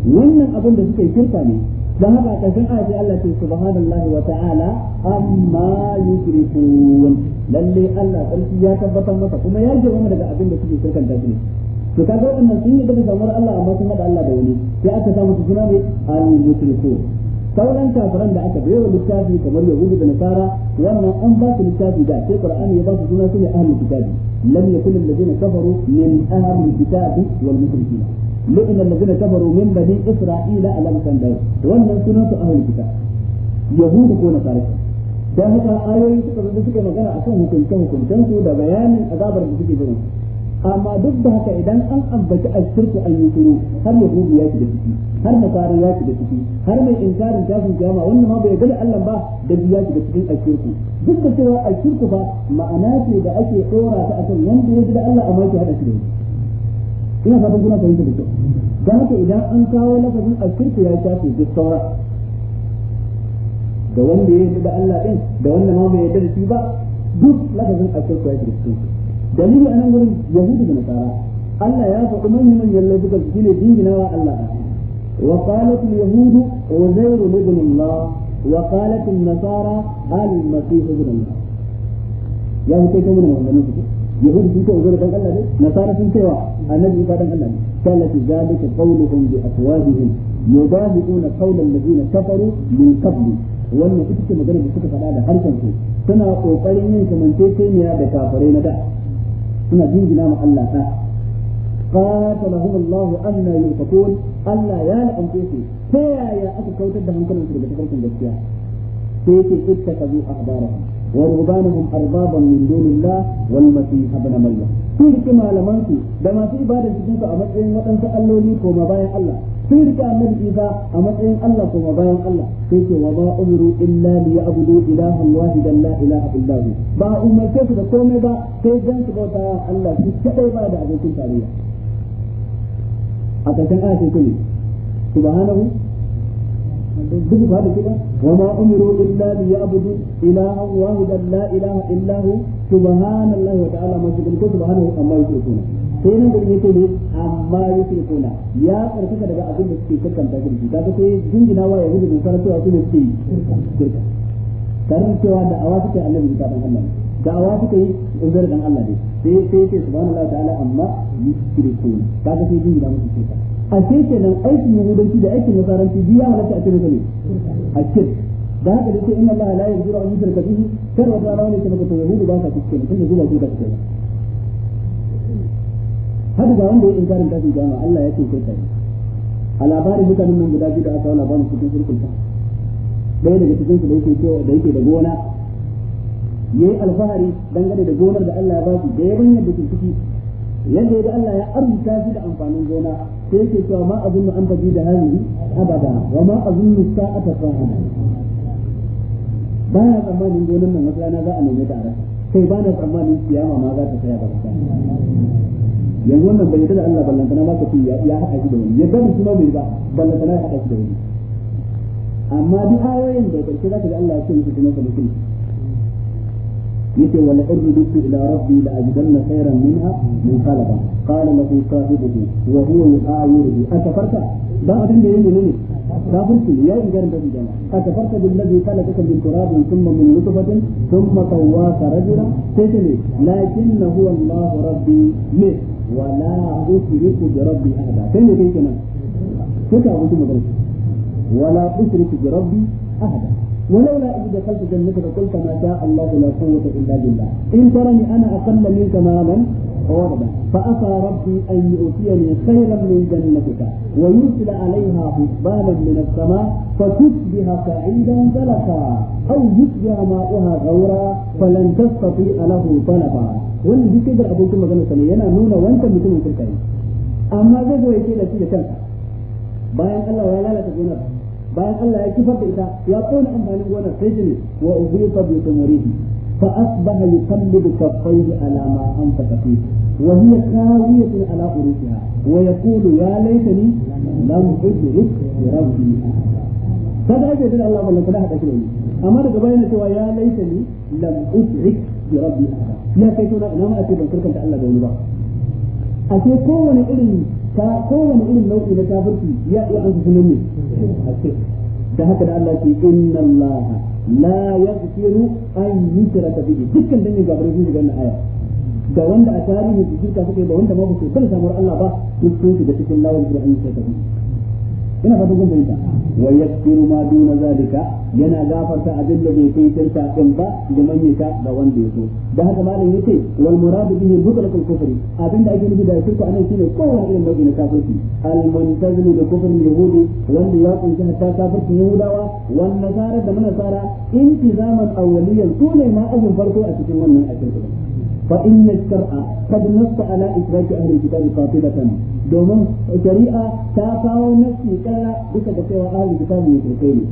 wannan abin da suka yi shirka ne dan haka kafin a sai Allah ce subhanallahi wa ta'ala amma yushrikun lalle Allah sarki ya tabbatar masa kuma ya jira daga abin da suke shirkan da shi to kaga wannan sun yi daga samuwar Allah amma sun hada Allah da wani sai aka samu suna ne al-mushrikun sauran kafiran da aka bayar littafi kamar yahudu da nasara wannan an ba su littafi da sai qur'ani ya ba su suna sune ahlul kitabi lam yakun alladhina kafaru min ahlil kitabi wal mushrikin لئن الذين كفروا من بني اسرائيل على مكان wannan sunan su ahlul kitab yahudu ko nasara dan haka ayoyi suka zo suka magana akan hukuncen hukuncin su da bayanin azabar da suke jiran amma duk da haka idan an ambaci ashirku ayyukuru har ya yahudu ya shiga ciki har nasara ya shiga ciki har mai inkarin kafin kiyama wannan ma bai yarda da Allah ba da ya shiga cikin ashirku duk da cewa ashirku ba ma'ana ce da ake dora ta akan wanda ya da Allah amma ke hada shi da ina fatan kuna fahimta da kyau dan haka idan an kawo lafazin ashirku ya shafe duk saura da wanda ya yarda da Allah din da wannan ma bai yarda da shi ba duk lafazin ashirku ya shiga cikin dalili nan gurin yahudu da nasara Allah ya faɗi manyan manyan laifukan su ne dinginawa Allah wa qalat al-yahud uzairu ibn Allah wa qalat an-nasara al-masih ibn Allah ya hukai kuma da wannan su yahudu sun ce uzairu dan Allah ne nasara sun cewa annabi ba dan Allah ne kallati zalika qawluhum bi afwahihim yudahiquna qawla alladhina kafaru min qablu wannan ita ce magana da suka faɗa da harshen su suna kokarin yin kamanceceniya da kafirai na da suna jingina ma Allah ta qatalahum Allah anna yufakun Allah ya la'anta su ta yaya aka kautar da hankalinsu daga tafarkin gaskiya sai yake ittakazu ahbarahum ورهبانهم أربابا من دون الله والمسيح ابن مريم sun rike malamansu da masu ibada cikin su a matsayin waɗansu alloli koma bayan Allah sun rike annabi Isa a matsayin Allah koma bayan Allah sai ce wa ba umru illa li ya'budu ilahan wahidan la ilaha illa hu ba umarce su da komai ba sai dan su bauta Allah shi kadai ba da abokin tarayya a kasan aya sai kuma subhanahu duk ba da kida wa ma umiru illa li ya'budu ilaha la ilaha illa hu subhanallahi wa ta'ala ma subhanahu amma sai nan da yake ne amma yushrikuna ya karkata daga abin da suke kakkanta shirki kaga sai jingina wa ya rubuta sarar cewa su ne karin cewa da awa suke annabi ta dan Allah da awa suke dan Allah a ce kenan aikin yahudanci da aikin nasaranci biya halatta a cikin gani a cikin da haka dai sai inna allaha la da an yushraka bihi kar wata rawa ne ta kuma to hudu ba ka cikin tunda zuwa su ka cikin haka ga wanda ya yi inkarin tafi jama'a Allah ya ce kai kai a labarin mutanen nan guda biyu da aka wala labarin mu cikin sulkunta ɗaya daga cikinsu da yake cewa da yake da gona yayi alfahari dangane da gonar da Allah ya ba shi da yayin da ke ciki yadda ya Allah ya arzuta shi da amfanin gona sai ke cewa ma azunnu an tafi da hali abada wa ma azunnu sa'ata qa'ima ba na tsammanin gonan nan wata rana za a nemi tare sai ba na tsammanin kiyama ma za ta tsaya ba ta yanzu wannan bai da Allah ballantana ba ka ce ya haɗa shi da wani yadda da kuma bai ba ballantana ya haɗa shi da wani amma duk ayoyin da karshe za ka ga Allah ya ce musu kuma solution wala yake ne kafirci ya yi garin da jama'a atafarta billazi khalaqaka min turabin ولولا إذ دخلت جنتك قلت ما شاء الله لا قوة إلا بالله إن ترني أنا أقل منك مالا وولدا فأسى ربي أن يؤتيني خيرا من جنتك ويرسل عليها حسبانا من السماء فتصبح سعيدا زلقا أو يصبح ماؤها غورا فلن تستطيع له طلبا wannan duk da abokin magana sa yana nuna wancan mutumin kirkari amma zai zo ya ce da shi da kanka bayan Allah ya lalata gonar bayan Allah ya kifar da ita ya kona amfanin gonar sai jini wa ubita bi tumurihi fa asbaha yuqallibu kaffayhi ala ma anfaqa fihi wa hiya kawiyatun ala urushiha wa yaqulu ya laitani lam udrik rabbi kada ake jira Allah wannan kada hada shi amma daga bayan cewa ya lam rabbi ya kai ma ake Allah da wani ba ake kowane irin ta kowane irin nau'i na kafirci ya iya an sunan ne da haka da Allah ke inna Allah la yaghfiru an yushraka bihi dukkan dangin gafirin sun shiga aya da wanda a tarihi su shirka suka yi ba wanda ma ba su san samuwar Allah ba duk sun shiga cikin lawan da an ta ina fata kun fahimta wa yaskiru ma duna zalika yana gafarta abin da bai kai shirka din ba da man ka ga wanda ya so da haka malam yace wal muradu bihi mutlaqul kufri abin da ake nufi da shirka anan shine kowa irin nau'i na kafirci al da bi kufri yahudi wanda ya kunshi hatta kafirci yahudawa wan nasara da manasara intizaman awwaliyan sune ma abun farko a cikin wannan ajin فإن الشرع قد نص على إدراك أهل الكتاب قاطبة دوما شريعة تافاو نفسي كلا بكتكوا أهل الكتاب يتركين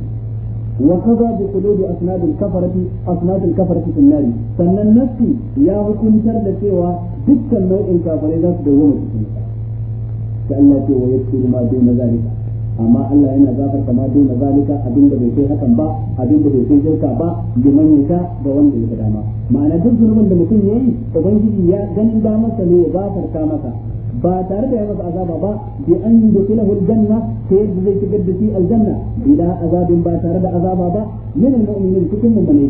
وقضى بقلوب أسناد الكفرة أسناد الكفرة في النار فإن النفس يا هكم ترد سوى دكا نوع الكافر إذا تدوم كأن لا ويكفر ما دون ذلك amma Allah yana zafar kama dole zalika abinda bai kai hakan ba abinda bai kai shirka ba liman yanka ga wanda yake dama ma'ana duk zulmin da mutum yayi ubangiji ya ganin da masa ne ya ka masa ba tare da ya masa azaba ba bi an yudkhilahu aljanna sai yadda zai shigar da shi aljanna bila azabin ba tare da azaba ba min almu'minin cikin mu'mini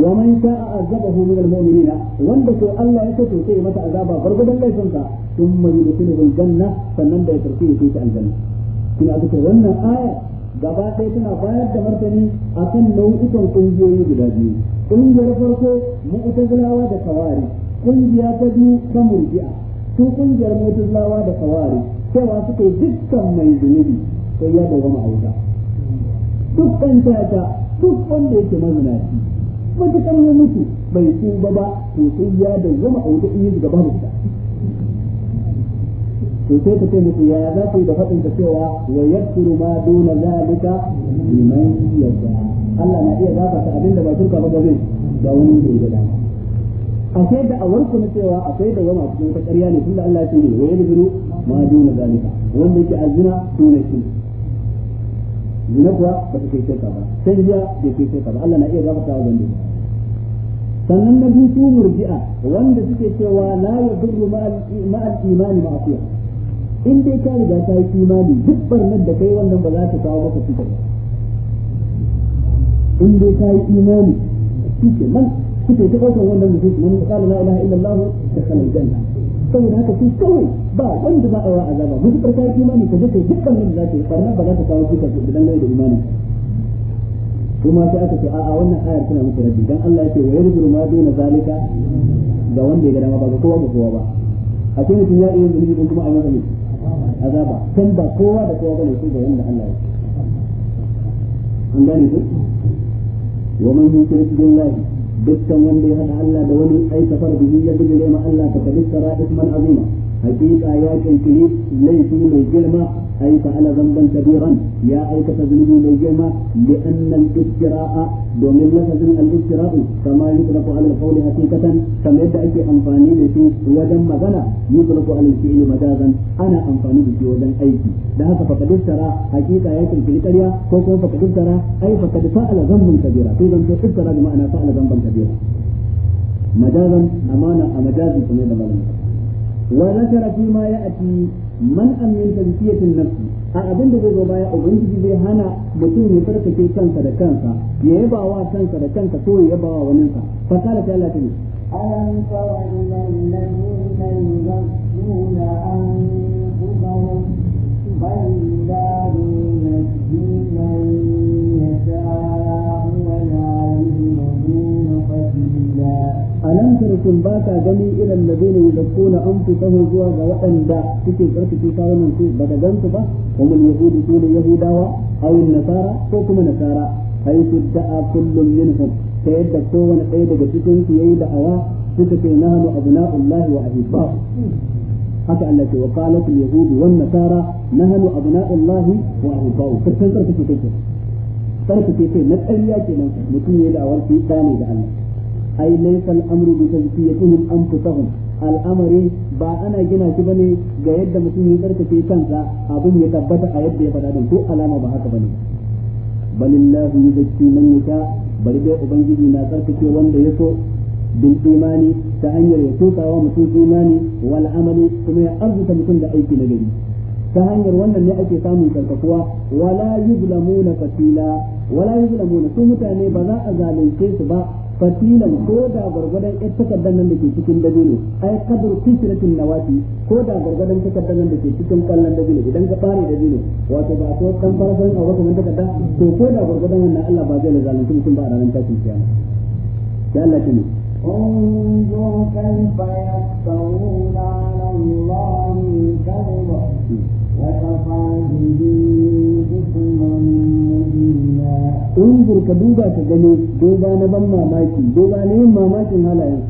wa man sha'a azabahu min almu'minina wanda ko Allah ya so sai masa azaba gargadan laifinsa thumma yudkhilahu aljanna sannan da ya tarfi shi aljanna shine aka wannan aya gaba ɗaya tana bayar da martani a kan nau'ikan ƙungiyoyi guda biyu ƙungiyar farko mu'tazilawa da kawari ƙungiya ta biyu ta murji'a su kungiyar mu'tazilawa da kawari cewa su kai dukkan mai zunubi sai ya dogama a wuta dukkan tata duk wanda yake mazinaci matuƙar ya mutu bai tuba ba to sai ya dogama a wuta in yi gaba da to sai ka ce musu ya za ku yi da faɗin ta cewa wa turu ma duna zalika liman yasha Allah na iya ta abinda ba turka ba gobe da wani da ya dama ashe da a warku na cewa akwai da wama cikin ta ƙarya ne tunda Allah ya ce ne wa yadhuru ma duna zalika wanda yake azina sunan shi zina kuwa ba ta kai ka ba sai jiya bai kai ka ba Allah na iya ta wa gobe sannan na biyu su murji'a wanda suke cewa la yadurru ma ma'al imani ma'asiya in dai ka riga ka yi imani duk barnar da kai wannan ba za ta kawo maka ba in dai ka yi imani kike nan kike ta ɗaukar wannan da suke wani kana la ilaha illallah da kalan janna saboda haka shi kawai ba wanda za a yi azaba mutukar ka yi imani ka je kai duk barnar da za ta yi barnar ba za ta kawo cutar da dangane da imani kuma sai aka ce a'a wannan ayar tana muku rabi dan Allah ya ce wa yarzu ma duna zalika ga wanda ya ga dama ba ga kowa ba kowa ba a cikin mutum ya iya zuri kuma a masa ne azaba kan ba kowa da kowa bane sai da wanda Allah ya an gane ku wa man yushrik billahi dukkan wanda ya hada Allah da wani ai kafar bihi ya da ma Allah ta kadissa ra'is man azima hakika ya kankiri laifi mai girma ai fa ala zamban kabiran ya aikata zunubi mai girma li anna al-iftira'a domin lafazin al-iftira'u kama yutlaqu ala al-qawli haqiqatan kamar yadda ake amfani da shi wajen magana yutlaqu ala al-fi'li majazan ana amfani da shi wajen aiki da haka fa kadiftara hakika ya kankiri ƙarya ko kuma fa kadiftara ai fa kad fa'ala zamban amana a majazi kuma da وذكر فيما يأتي من أم من تزكية النفس a abin da zai zo baya ubangiji zai hana mutum ya tsarkake kansa da kansa ya yaba wa kansa da kansa ko ya yaba wa waninsa fa kala ta Allah tabi alam tara ila alladhina yuzakkuna anfusahum bal daru man alam turkum ba ka gani irin ladina yuzakkuna anfusahum zuwa ga waɗanda suke karfafa kawunan su ba da gansu ba kuma yahudu su ne yahudawa aw nasara ko kuma nasara su da'a kullum minhum ta yadda kowane ɗaya daga cikin su yayi da'awa suka ce na nahnu abna'ullahi wa ahibba'u haka Allah ce wa qalat al-yahud wa na nasara nahnu abna'ullahi wa ahibba'u kirkan karfafa kake karfafa kake na ƙarya kenan mutum ya yayi da'awar shi da Allah ai laysa al-amru bi tazkiyatihim anfusahum al'amari ba ana gina shi bane ga yadda mutum ya tsarkake kansa abin ya tabbata a yadda ya faɗa don ko alama ba haka bane balillahu yuzakki man yasha bari dai ubangiji na tsarkake wanda ya so bil imani ta hanyar ya tukawa mutum imani wal amali kuma ya arzuta mutum da aiki na gari ta hanyar wannan ne ake samun karkakuwa wala yuzlamuna fatila wala yuzlamuna su mutane ba za a zalunce su ba fatilan ko da gargadan ɗan takardar nan da ke cikin ne ai kadar kishratin nawati ko da gargadan takardar nan da ke cikin kallon ne idan ka bare ne wato ba ko kan farfan a wata takarda to ko da gargadan nan Allah ba zai zalunci mutum ba a ranar tashin kiyama ya Allah kini انظر كيف يفترون على الله unzur ka duba ka gani duba na ban mamaki duba na yin mamakin halayen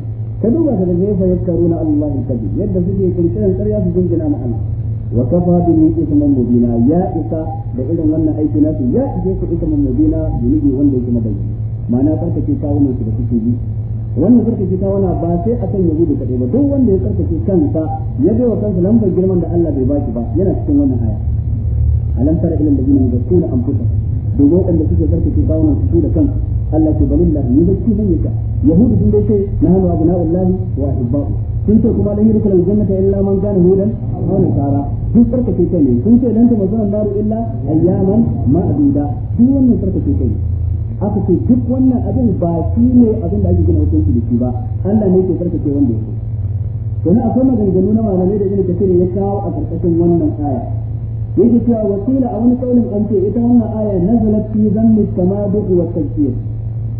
ka duba ka gani fa na Allah kabi yadda suke kirkiran ƙarya su jingina ma Allah wa kafa bi min isman mubina ya isa da irin wannan aiki su ya isa su isman mubina zunubi wanda yake mabayyana ma'ana ka take kawo ne su da suke bi wannan tsarkake ta wana ba sai akan ya gudu kaɗai ba duk wanda ya karkace kansa ya bai wa kansa lambar girman da Allah bai baki ba yana cikin wannan aya alam tara ilal ladina yuzakkuna anfusahum domin wanda suke karkace kawunan su su da kansu Allah ke balin lahi ne zai cikin yanka yahudu sun dai na hannu abu na'ullahi wa ibba'u sun ce kuma lahiri kula jannata illa man gane hudan wani tsara sun sarkake kai ne sun ce ta mazuwan daru illa ayyaman ma'aduda shi wannan tsarkake kai ne aka ce duk wannan abin ba shi ne abin da ake gina hukunci da shi ba Allah ne ke karkace wanda ya so kuma akwai maganganu na malamai da ibn kasir ya kawo a karkashin wannan aya yake cewa wasila a wani kaulin an ce ita wannan aya na nazalat zan mutama duk wa tafiya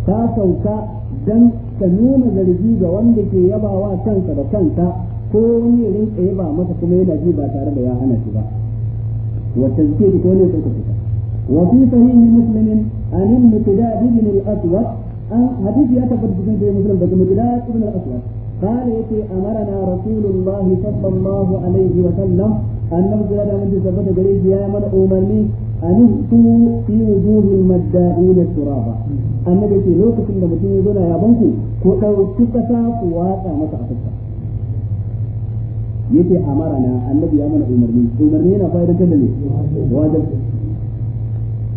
ta sauka dan ta nuna zargi ga wanda ke yabawa kansa da kanta ko wani rinka yaba masa kuma yana ji ba tare da ya hana shi ba wa tafiya ko ne fita وفي صحيح مسلم عن المتداد بن الاسود آه، حديث يعتقد بن مسلم بن المتداد بن الاسود قال يتي إيه، امرنا رسول الله صلى الله عليه وسلم ان نبذل على من تسبب قريب يا من امني ان اهتموا في وجوه المدائين الترابه ان نبذل في لوكة دون يا بنكو كتو كتسا كواتا متعفتا يتي امرنا ان نبذل على من امرني امرني انا فايدا كذلك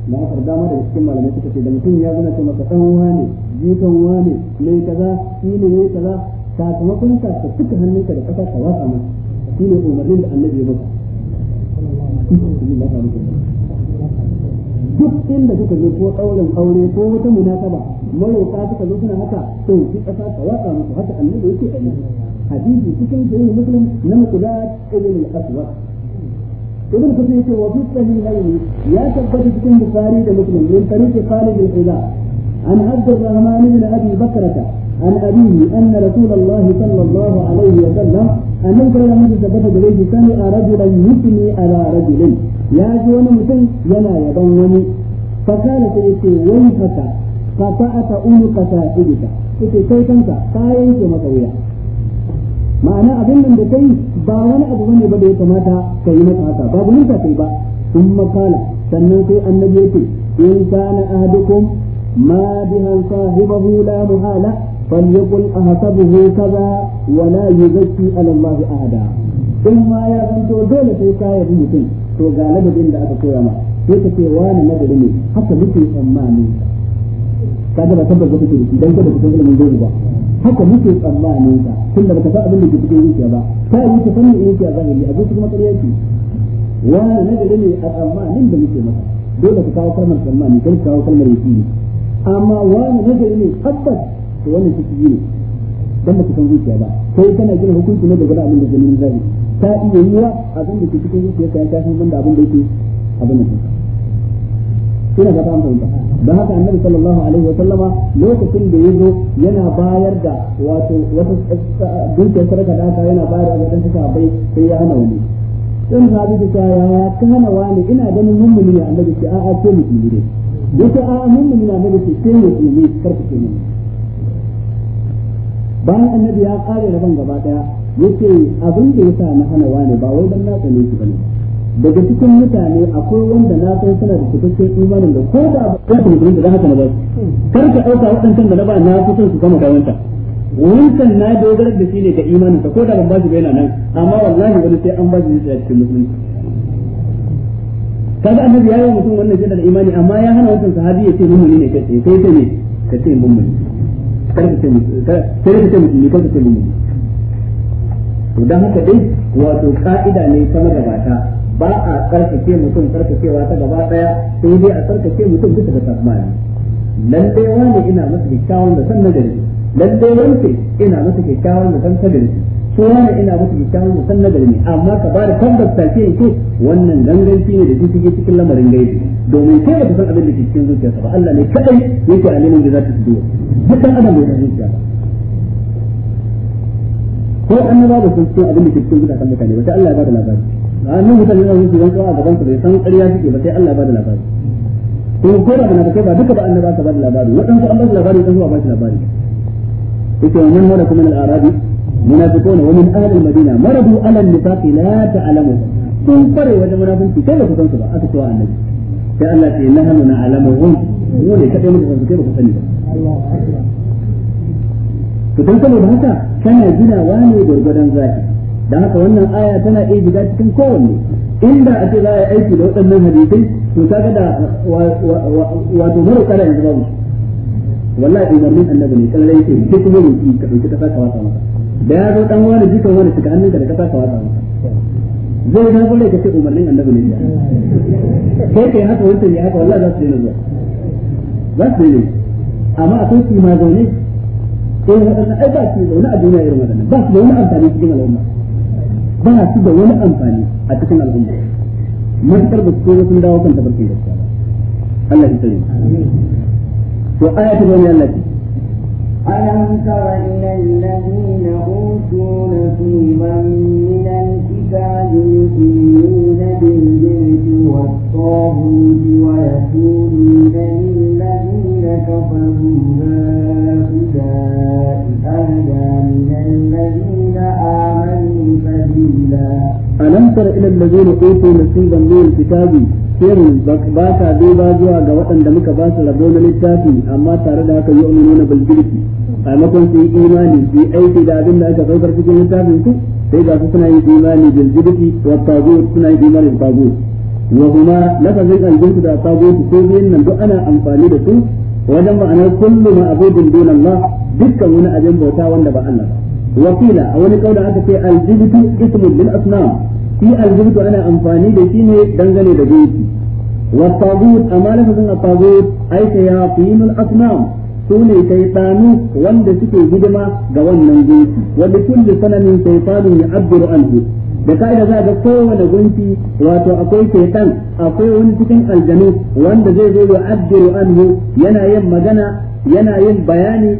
na asar dama da cikin malamai suka ce da mutum ya zana ce masa ɗan wane jikan wane mai kaza shi ne mai kaza sakamakon ka ka suka hannunka da ƙasa ka watsa masa shi ne umarnin da annabi ya baka duk inda suka zo ko ɗaurin aure ko wata munasaba marauka suka zo suna haka to shi ƙasa ka watsa musu haka annabi yake ɗani hadisi cikin sahihi muslim na mutulat ibn al-aswad ibn kusi yake wa fi sahihaini ya tabbata cikin bukhari da muslim min tarike qali bin qiza an abd arrahman bin abi bakrata an abihi anna rasulullah sallallahu alaihi wa sallam an nabi ya mutu tabbata da yake sani a rajulin mutumi ala rajulin ya ji wani mutum yana yaban wani fakala sai yake wani fata fata ata umu fata idika kike kai kanka kayan ke maka wuya ma'ana abin nan da kai ba wani abu bane ba da ya kamata ka yi masa haka babu ninka kai ba sun makala sannan sai annabi yake in kana ahadukum ma bihan sahibahu la muhala falyakul ahsabuhu kaza wa la yuzakki ala Allah ahada in ma ya zanto dole sai ka yi mutum to ga ladabin da aka koya ma sai ka ce wani madadi ne haka muke tsammani Ka kaga ba tabbata kake da shi dan kada ka san ilimin gaibi ba haka muke tsammanin ka tun da baka san abin da ke yi zuciya ba ta yi san fanni in zuciya zahiri a zuciya kuma ƙarya ce wa na nagari ne a tsammanin da muke masa dole ka kawo kalmar tsammani kai ka kawo kalmar yakini amma wani nagari ne tabbas to wannan take yi ne dan baka san zuciya ba kai kana gina hukunci ne daga abin da ganin zahiri ta iya yiwa abin da ke yi zuciya ka ya san abin da abin da yake abin da kina ga ban fahimta da haka annabi sallallahu alaihi wa sallama lokacin da yazo yana bayar da wato wata dukiyar sarka da aka yana bayar da dan suka bai sai ya hana wani in sabi da ta ya ka hana wani ina ganin mummuni ne annabi ce a'a ce mu ne duk a'a mummuni ne annabi ce ce mu ne karku ce mu bayan annabi ya kare rabon gaba daya yace abin da yasa na hana wani ba wai dan na tsane shi bane daga cikin mutane akwai wanda na san suna da cikakken imanin da ko da ba ta mutum da haka na ba kar ka auka waɗancan da na ba na fi son su kama kawanta wancan na dogara da shi ne ga imanin ko da ban ba shi ba yana nan amma wallahi wani sai an ba shi ne a cikin musulunci kaga annabi ya yi mutum wannan da imani amma ya hana wancan sahabi ya ce mun ne kace sai ce ne ka ce mummuni kar ka ce mummuni kar ka ce ne kar ka ce mun to dan haka dai wato ka'ida ne kamar da bata ba a karkace mutum karkacewa ta gaba daya sai dai a karkace mutum duka da tsammani lalle wani ina masa kyakkyawan da san nagari lalle wani ina masa kyakkyawan da san sadari su wani ina masa kyakkyawan da san nagari ne amma ka ba da tabbas take yake wannan ganganci ne da shi cikin cikin lamarin gaibi domin kai ba ka san abin da ke cikin zuciyarsa ba Allah ne kadai yake alimin da za ta fito duk dan adam bai san zuciya ko annaba ba sun ce abin da ke cikin kan mutane ba sai Allah ya ba da labari ranar mutane za su zan a gaban su bai san ƙarya suke ba sai Allah ba da labari to ko da kana kai ba duka ba annaba ka ba da labari wadansu an ba da labari dan zuwa ba shi labari yake wannan mala kuma al arabi munafiquna wa min ahli al madina maradu ala al la ta'lamu sun fare wajen munafiki kai ba ku san su ba aka cewa annabi sai Allah mu ne san su kai ba ku sani ba Allahu akbar to dan saboda haka kana ginawa ne gurgurdan zaki Da haka wannan aya tana iya shiga cikin kowanne inda ake ce za a aiki da waɗannan hadisai to kaga da wato mara kara yanzu babu wallahi umarnin annabi ne kan rai ce duk wani ki ka dauki kasa ka wasa masa da ya zo dan wani jikan wani suka hannunka da kasa ka wasa masa zai ga gore ka ce umarnin annabi ne kai kai haka wancan ya haka wallahi za su yi zuwa za su yi amma akwai su ma zaune sai wadannan ai ba su zaune a duniya irin wadannan ba su da wani amfani cikin al'umma ba su da wani amfani a cikin al'umma matukar da su sun dawo kan tabarkin gaskiya Allah ya tsare to aya ta bayan Allah ce ألم تر إلى الذين أوتوا نصيبا من الكتاب يؤمنون بالجبت والطاغوت ويقولون للذين كفروا هؤلاء أهدى من الذين آمنوا سبيلا ألم تر إلى الذين أوتوا نصيبا من الكتاب shirin ba ta duba zuwa ga waɗanda muka ba su rabo na littafi amma tare da haka yi umarni na bilgirki a makon su yi imani su yi aiki da abin da aka saukar cikin littafin su sai ga su suna yin imani bil jibti wa tagut suna yin imani bil wa kuma lafazin aljinsu da tagut ko biyun nan duk ana amfani da su wajen ma'anar kullum a abudun dun ba dukkan wani abin bauta wanda ba Allah ba wa a wani kauda aka ce aljibitu ismun lil asnam shi aljibitu ana amfani da shi ne dangane da gunki wa tagut amma lafazin tagut ai min asnam su ne shaytanu wanda suke hidima ga wannan gunki wanda kullu sanamin ya ya'abbiru anhu da ka'ida za ga kowane gunki wato akwai shaytan akwai wani cikin aljanu wanda zai zo ya'abbiru anhu yana yin magana yana yin bayani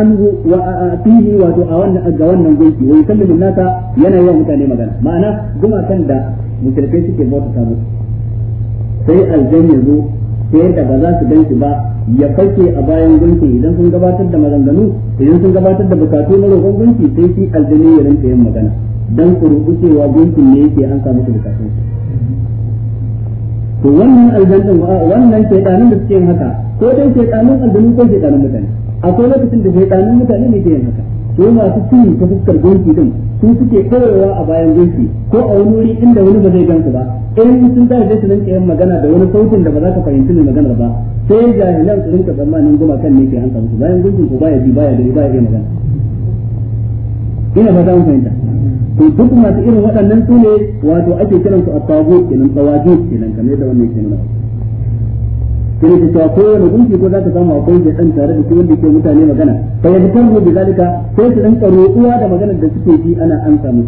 anhu wa fihi wato a wannan ga wannan gunki wai kallin naka yana yin mutane magana ma'ana gumakan da musulmai suke bauta musu sai aljanu ya zo sai da ba za su gan shi ba ya fake a bayan gunki idan sun gabatar da maganganu idan sun gabatar da bukatu na roƙon gunki sai shi aljini ya rinka yin magana dan ku rubu gunkin ne yake an samu su bukatun to wannan aljannin wannan shaytanin da suke yin haka ko dai shaytanin aljini ko shaytanin mutane akwai lokacin da shaytanin mutane ne ke yin haka ko masu cin ta fuskar gonki din su suke ɗorewa a bayan gonki ko a wani wuri inda wani ba zai gansu ba in sun tashi sai su rinka yin magana da wani sautin da ba za ka fahimci mai maganar ba sai jahilan su rinka tsammanin goma kan ne ke hanka musu bayan gonki ko baya ji baya da ya iya magana ina ba za mu fahimta to duk masu irin waɗannan su ne wato ake kiransu a tsawo kenan tawagut kenan kamar yadda wannan ke nuna sai ta cewa ko wani gunki ko za samu akwai da dan tare da shi wanda ke mutane magana fa ya tarhu bi zalika sai su dan uwa da maganar da suke ji ana an samu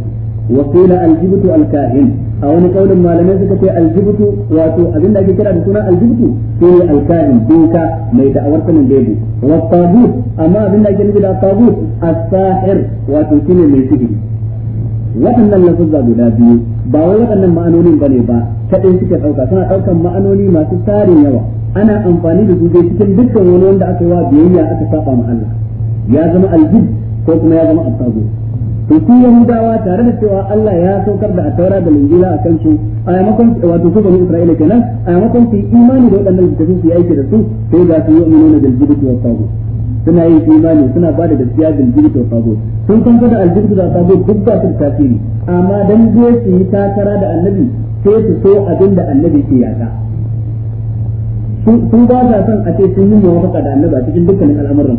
wa qila aljibtu alkahin a wani kaulin malamai suka ce aljibtu wato abinda ake kira da suna aljibtu sai alkahin doka mai da'awar sanin daidai wa tagut amma abinda ake nufi da tagut as-sahir wato shine mai sihiri waɗannan lafazza guda biyu ba wai waɗannan ma'anonin ne ba kaɗai suke ɗauka suna ɗaukan ma'anoni masu tarin yawa ana amfani da su cikin dukkan wani wanda aka yi wa biyayya aka saba ma Allah ya zama aljib ko kuma ya zama asabu to su yahudawa tare da cewa Allah ya saukar da ataura da linjila a su a yamakon wato su bani isra'ila kenan a yamakon su imani da waɗannan littafin su yi aiki da su sai ga su yi amina da aljib wa asabu suna yin imani suna ba da gaskiya bil jibtu wa tagut sun san kada al da tagut duk ba su tasiri amma dan je su yi takara da annabi sai su so abin da annabi ke yaka sun ba sa son a ce sun yi mawafaka da annabi a cikin dukkanin al'amuran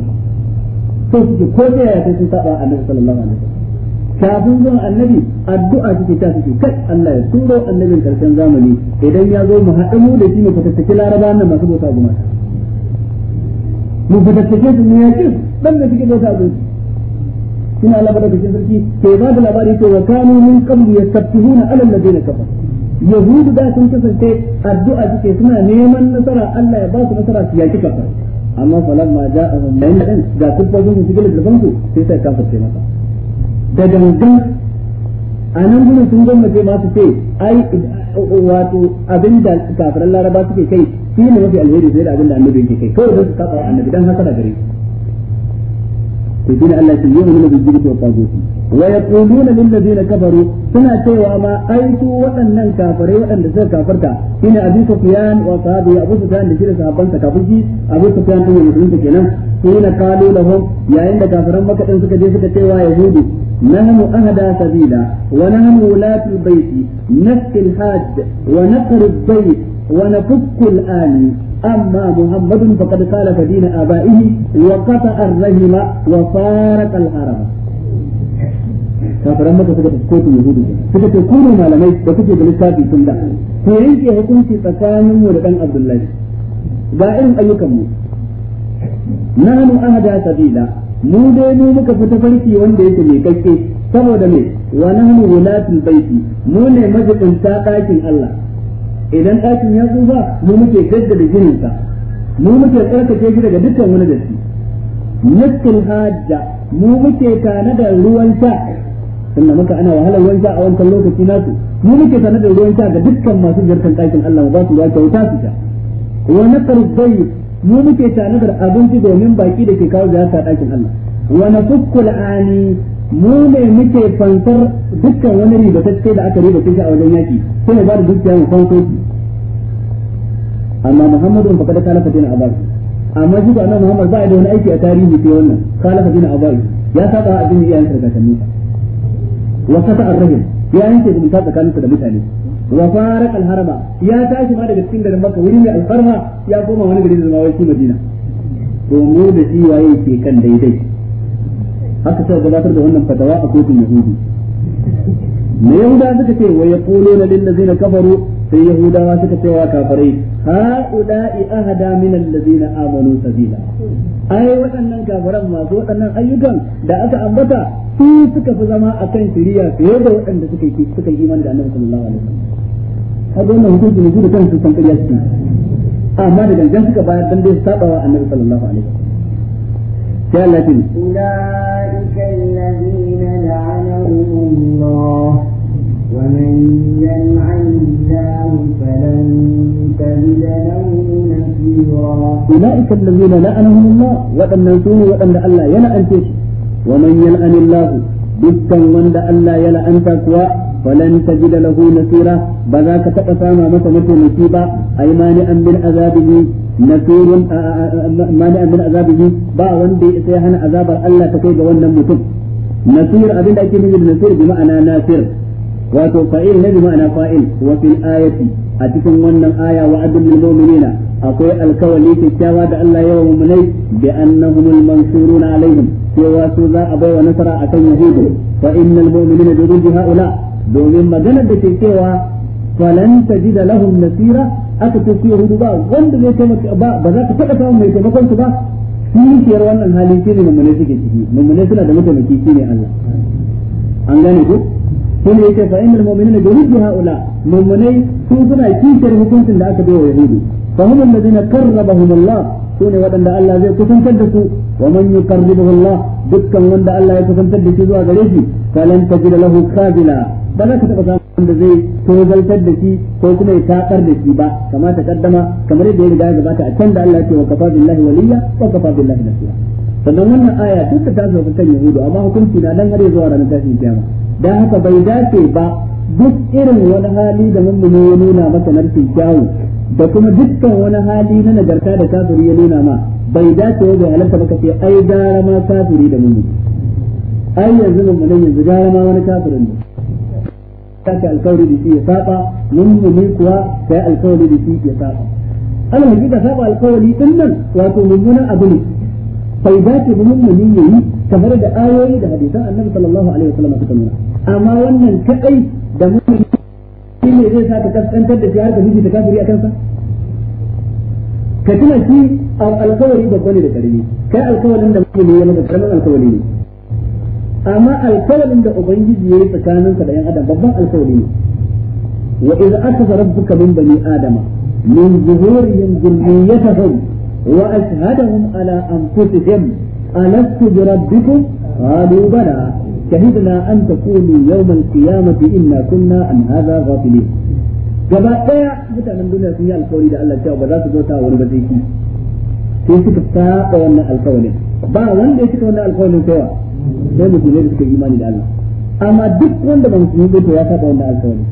su su ko sai ya ce sun saba annabi sallallahu alaihi wasallam kafin zuwa annabi addu'a suke ta suke kai Allah ya turo annabin karshen zamani idan ya zo mu haɗu da shi mu fatattaki larabawan nan masu bauta gumata mu fatattake su ne yakin dan da suke bauta abinci ina Allah da cikin sarki ke ba da labari to wa kanu min qablu yastafihuna ala alladheena kafar yahudu da sun kasance addu'a suke suna neman nasara Allah ya ba su nasara su yaki kafar amma falal falamma ja'ahum min dan ga kubbazun su gele da banku sai sai kafar sai masa da dangan a nan gudun sun gwamnati ma su ce ai wato abin da kafiran laraba suke kai shi ne mafi alheri sai da abin da annabi yake kai kawai sai su saba annabi dan hasara gare يقول الله سبحانه وتعالى في الجنة ويقولون للذين كفروا سنة سيوا ما أيتوا وأن الكافر وأن الزر كافرتا هنا أبي سفيان وصحابه أبو سفيان لجل صحابان تكافجي أبو سفيان في المسلم تكينا هنا قالوا لهم يا إن كافر أمك أنسك جيسك سيوا يهودي نهم أهدا سبيلا ونحن ولاة البيت نسك الحاج ونقر البيت ونفك الآلي أما محمد فقد قال فدين آبائه وقطع الرحم وفارق الحرم kafiran maka suka kotun yahudu suka ce kuma malamai da kuke da littafi tun da ku yanke hukunci tsakanin mu da dan abdullahi ga irin ayyukan mu nahnu ahda sabila mu dai mu muka fita farki wanda yake mai kakke saboda me wa nahnu wulatul baiti mu ne majibin ta dakin Allah idan ɗakin ya tsufa mu muke jaddada ginin sa mu muke tsarkake shi daga dukkan wani datti niskin hajja mu muke tana da ruwan sha tunda muka ana wahalar ruwan sha a wancan lokaci nasu mu muke tana da ruwan sha ga dukkan masu ziyartar ɗakin Allah mu ba su ruwa kyauta su sha wa nasar bayyi mu muke tana da abinci domin baki da ke kawo ziyarta ɗakin Allah wa nasukkul ani mu ne muke fansar dukkan wani ribatacce da aka ribatacce a wajen yaki sai ba da dukkan mu fansoki amma Muhammadu ba kada kana fatina abai amma shi ba annabi muhammad ba da wani aiki a tarihi sai wannan kana fatina abai ya saba cikin iyayen sarkatanni wa sata arrahim ya yanke zumunta tsakaninsa da mutane wa farak harama ya tashi ma daga cikin garin makka wuri mai farma ya koma wani gari da zama wai madina to mu da shi waye ke kan daidai haka sai gabatar da wannan fatawa a kotun yahudi me yahuda suka ce wa yaquluna lil ladzina kafaru sai yahudawa suka ce wa kafirai uda'i ahada min allazina amanu sabila ai waɗannan kafiran masu waɗannan ayyukan da aka ambata su suka fi zama akan shari'a fiye da waɗanda suka yi suka yi imani da annabi sallallahu alaihi wasallam kaga wannan hukunci ne da kansu san kariya su amma da gangan suka bayar dan dai wa annabi sallallahu alaihi wasallam ya الذين أولئك الذين لعنهم الله ومن تجد له نفيرا أولئك الذين لعنهم الله وأن نسوه وأن الله يلعن فيه ومن يلعن الله دكا وأن الله يلعن تقوى فلن تجد له نصيرا بذاك تقسام مثل نصيبا أي مانعا من عذابه نصير مانعا من عذابه با وندي سيحن عذاب الله تكيد وأن متب نصير أبدا كيف نصير بمعنى ناصر wato fa'il ne bima'ana fa'il wa fil ayati a cikin wannan aya wa'adul lil mu'minina akwai alkawali kyakkyawa da Allah ya wa munai bi annahum al mansuruna alaihim cewa su za a baiwa nasara akan yahudu fa innal mu'minina bi rundi haula domin magana da ke cewa falan tajida lahum nasira aka ce su yahudu ba wanda zai taimaka ba ba za ka faɗa samun mai taimakon su ba kishiyar wannan hali shine mummune suke ciki mummune suna da mataimaki ne Allah an gane ku sun yi ce fa'in al-mu'minina bi hujji haula mummunai su suna kishiyar hukuncin da aka bai wa yahudi fa hum alladhina qarrabahum Allah sune ne waɗanda Allah zai kusantar da su wa man yuqarribuhu Allah dukkan wanda Allah ya kusantar da shi zuwa gare shi falan tajida lahu qabila ba za ka taɓa samun wanda zai tozaltar da shi ko kuma ya taɓar da shi ba ta kaddama kamar yadda ya riga ya gabata a can da Allah ya ce wa kafa billahi waliya wa kafa billahi nasira sannan wannan aya duk ta sauka kan yahudu amma hukunci na dan har zuwa ranar tashin kiyama dan haka bai dace ba duk irin wani hali da mummuni ya nuna masa narkin kyawu da kuma dukkan wani hali na nagarta da kafiri ya nuna ma bai dace ba bai halatta ba kace ai gara ma kafiri da mummuni ai yanzu mummuni yanzu gara ma wani kafirin ne kake alkawari da shi ya saba mummuni kuwa kai alkawari da shi ya saba ana hakika saba alkawari din nan wato mummunan abu ne bai dace ba mummuni yayi kamar da ayoyi da hadisan annabi sallallahu alaihi wasallam suka nuna amma wannan kadai da mummuni shi ne zai sa ka kaskantar da shi har ka miji ta kafiri a kansa ka tuna shi alkawari da ne da karami kai alkawarin da mummuni ya maka karamin alkawari ne amma alkawarin da ubangiji yayi tsakaninka da yan adam babban alkawari ne wa idza akhadha rabbuka min bani adama min zuhurihim dhurriyyatahum وأشهدهم على أنفسهم ألست بربكم قالوا بلى شهدنا أن تقولوا يوم القيامة إنا كنا عن هذا غافلين gaba ɗaya mutanen duniya sun yi alkawari da Allah cewa ba za su zo ta wani ba sai shi sai suka saba wannan alkawarin ba wanda ya cika wannan alkawarin cewa sai mu musulmai da suka imani da Allah amma duk wanda ba musulmi bai to ya saba wannan alkawarin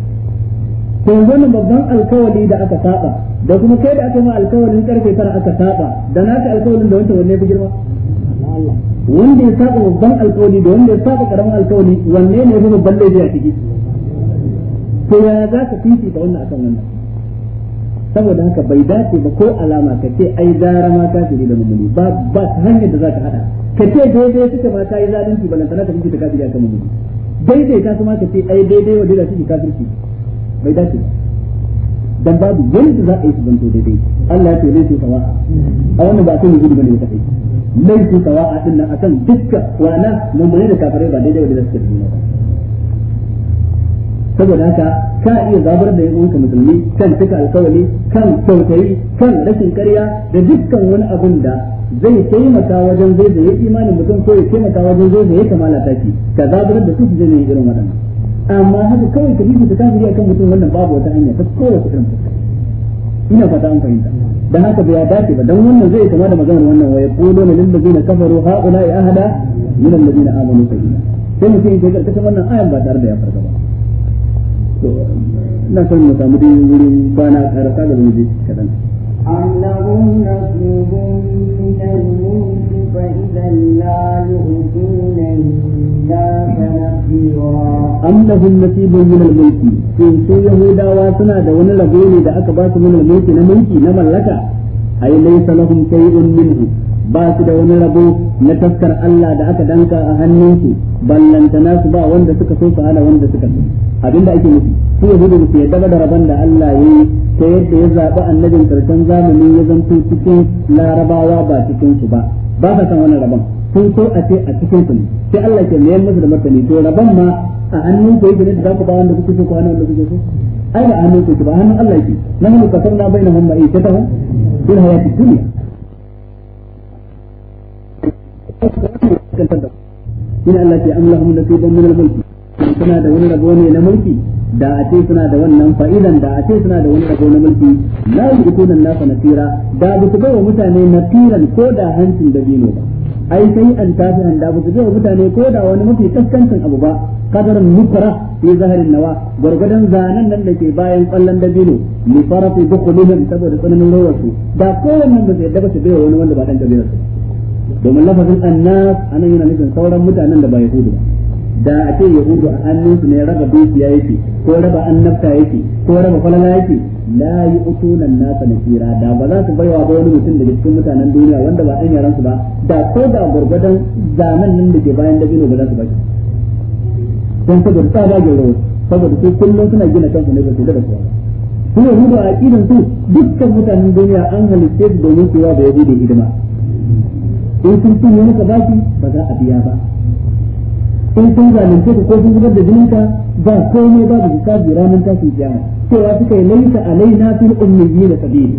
to wannan babban alkawari da aka saba da kuma kai da aka ma alkawarin karfe tara aka saba da naka alkawarin da wancan wanne fi girma wanda ya saba babban alkawari da wanda ya saba karamin alkawari wanne ne ya fi babban laifi a ciki to yaya za ka ta wannan akan wannan saboda haka bai dace ba ko alama ka ce ai gara ma ka ce da mummuni ba ba ta hanyar da za ka hada ka ce daidai suka ma ta yi zalunci ba ta ka fifita kafiri akan mummuni daidai ta kuma ka ce ai daidai wa daidai suke kafirci bai dace ba dan babu yanda za a yi su daidai Allah ya ce laifi sawa'a a wannan ba a kan gudu bane kadai laifi sawa'a din nan akan dukka wana mummune da kafare ba daidai wanda suke juna ba saboda haka ka iya zabar da yan uwanka musulmi kan cika alkawari kan kyautayi kan rashin karya da dukkan wani abun da zai taimaka wajen zai da ya imanin mutum ko ya taimaka wajen zai da ya kamala taki ka zabar da su su zai ne irin waɗannan amma haka kawai ka rubuta a kan mutum wannan babu wata hanya ta kowace irin fuska ina fata an fahimta dan haka bai dace ba dan wannan zai kama da maganar wannan waya qulu lil ladina kafaru haula zai min alladina amanu sabila sai mutum ya karkata wannan ayan ba tare da ya farka ba to ina son mu samu dai wurin bana karasa da mu je kadan أم nasibun min al mulki فإذا idan يؤتون الناس نصيرا suna wani rabo ne da aka ba su min mulki na mulki na mallaka ai laysa lahum shay'un minhu ba su da wani rabo na taskar Allah da aka danka a hannunsu ballantana su ba wanda suka so su wanda suka so abinda ake nufi su yahudu da su yadda da rabon da Allah ya ta yadda ya zaɓi annabin karshen zamani ya zanto cikin larabawa ba cikin su ba ba ka san wannan rabon sun so a ce a cikin su ne sai Allah ke mayar musu da martani to rabon ma a hannun ku yake ne da za ku ba wanda kuke so ko hannun da kuke so ai ba hannun ku ba hannun Allah suna da wani rabo ne na mulki da a ce suna da wannan fa'idan da a ce suna da wani rabo na mulki la yu'tuna nan nasa nasira da ba su wa mutane nasiran ko da hancin dabino ba ai sai an tafi handa ba su wa mutane ko da wani mafi kaskancin abu ba kadarin nukra fi zaharin nawa gwargwadon zanen nan da ke bayan kwallon dabino li fi dukhulihim saboda tsananin rawar su da kowannen nan da yadda ba su bai wani wanda ba dan biyar su domin lafazin annas anan yana nufin sauran mutanen da ba yahudu ba da a ce hudu a hannunsu ne raba dukiya yake ko raba annabta yake ko raba falala yake la yu'tuna na nasa tsira da ba za su baiwa ba wani mutum daga cikin mutanen duniya wanda ba ɗan yaran ba da ko da gurgurdan zaman nan da ke bayan da dabino ba za su baki don saboda ta ba gero saboda su kullum suna gina kansu ne ba su da su su hudu a aqidan su dukkan mutanen duniya an halitta su domin su yawa da bude hidima in sun cinye maka baki ba za a biya ba in sun zalunce ka ko sun zubar da jininka ba komai babu hisabi ranar tashin kiyama cewa suka yi laisa alaina fil da sabili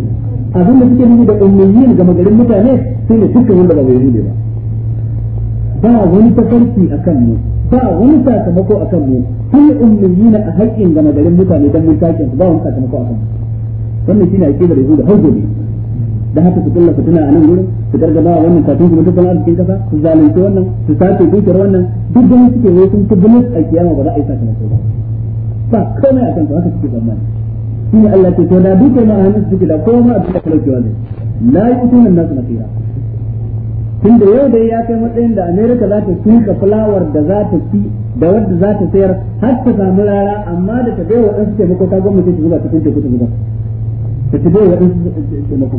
abin da suke nuna da ummiyyin ga magarin mutane sai ne dukkan wanda ba zai ba ba wani tafarki akan mu ba wani sakamako akan mu sun na a haƙƙin ga magarin mutane dan mun takin ba wani sakamako akan mu wannan shine aqidar yahudu har gobe da haka su kulla fitina a nan gurin su gargaba wannan kafin kuma dukkan arzikin kasa su zalunci wannan su sace dukiyar wannan duk da suke ne sun ta bulus a kiyama ba za a yi sakamako ba ba komai a kan haka suke zamani shi ne Allah ce to da dukkan ma a hannun suke da komai a cikin talaucewa ne na yi mutumin nan nasu nasira tun da yau da ya kai matsayin da Amerika za ta tuka fulawar da za ta ci da wadda za ta sayar har ta samu rara amma da ta bai wa ɗansu taimako ta gwamnati ta zuba cikin teku ta zuba ta ta bai wa ɗansu taimako